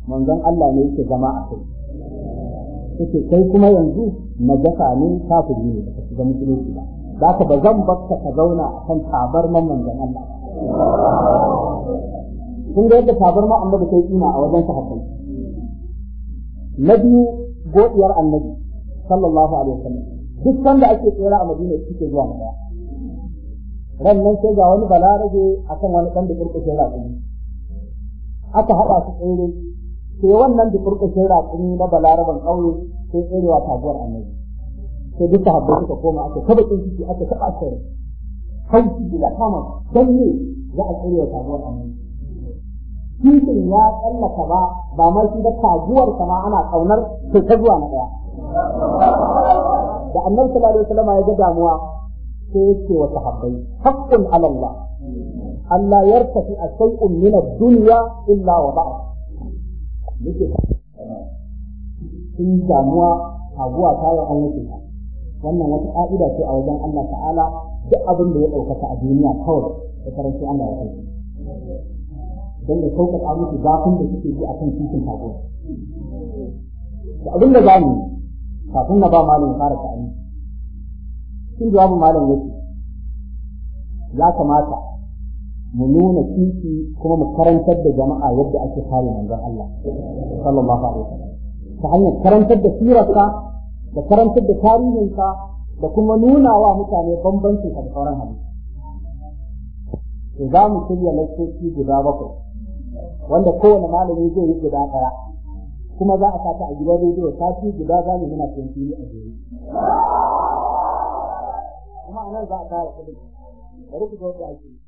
[SPEAKER 1] manzon Allah ne yake zama a kai ce kai kuma yanzu na jaka ne kafin ne ba ta shiga musulunci ba za ka ba zan bakka ka zauna a kan tabarman manzon Allah kun ga yadda tabarman annabi ta yi kima a wajen sahabbai na biyu godiyar annabi sallallahu alaihi wasallam duk sanda ake tsira a Madina suke zuwa na daya ran nan sai ga wani a kan wani dan da kurkushin raƙumi aka haɗa su tsere sai wannan da kurkushin raƙumi na balaraban ƙauye sai tserewa tabuwar annabi sai duka habbai suka koma aka taba kin ciki aka taba sai kai shi gida kama dan ne za a tsare sabuwar aminci kitin ya tsallaka ba ba ma shi da kaguwar ma ana kaunar sai ta zuwa na daya da annabi sallallahu alaihi wasallam ya ga damuwa sai ya ce wa sahabbai haqqun ala Allah Allah yartafi a shay'un min ad-dunya illa wa ba'a yake sun damuwa kaguwa ta yi an yake wannan wata ƙa'ida ce a wajen Allah ta'ala duk abin da ya ɗaukaka a duniya kawai da karanci Allah ya kai don ya sauƙaƙa musu zafin da suke ji a kan titin sako da abin da za mu kafin na ba malam fara ta'ani cikin jawabin malam yake ya kamata mu nuna titi kuma mu karantar da jama'a yadda ake kare manzon Allah sallallahu alaihi wasallam ta hanyar karantar da sirarsa da karantar da tarihinsa da kuma nuna wa mutane bambancin da sauran hadisi za mu shirya lakcoci guda bakwai wanda kowane malami zai yi guda ɗaya kuma za a sata a gidan rediyo sati guda za mu nuna cin fili a jere kuma a nan za a kara kuɗi bari ku zo wata aiki.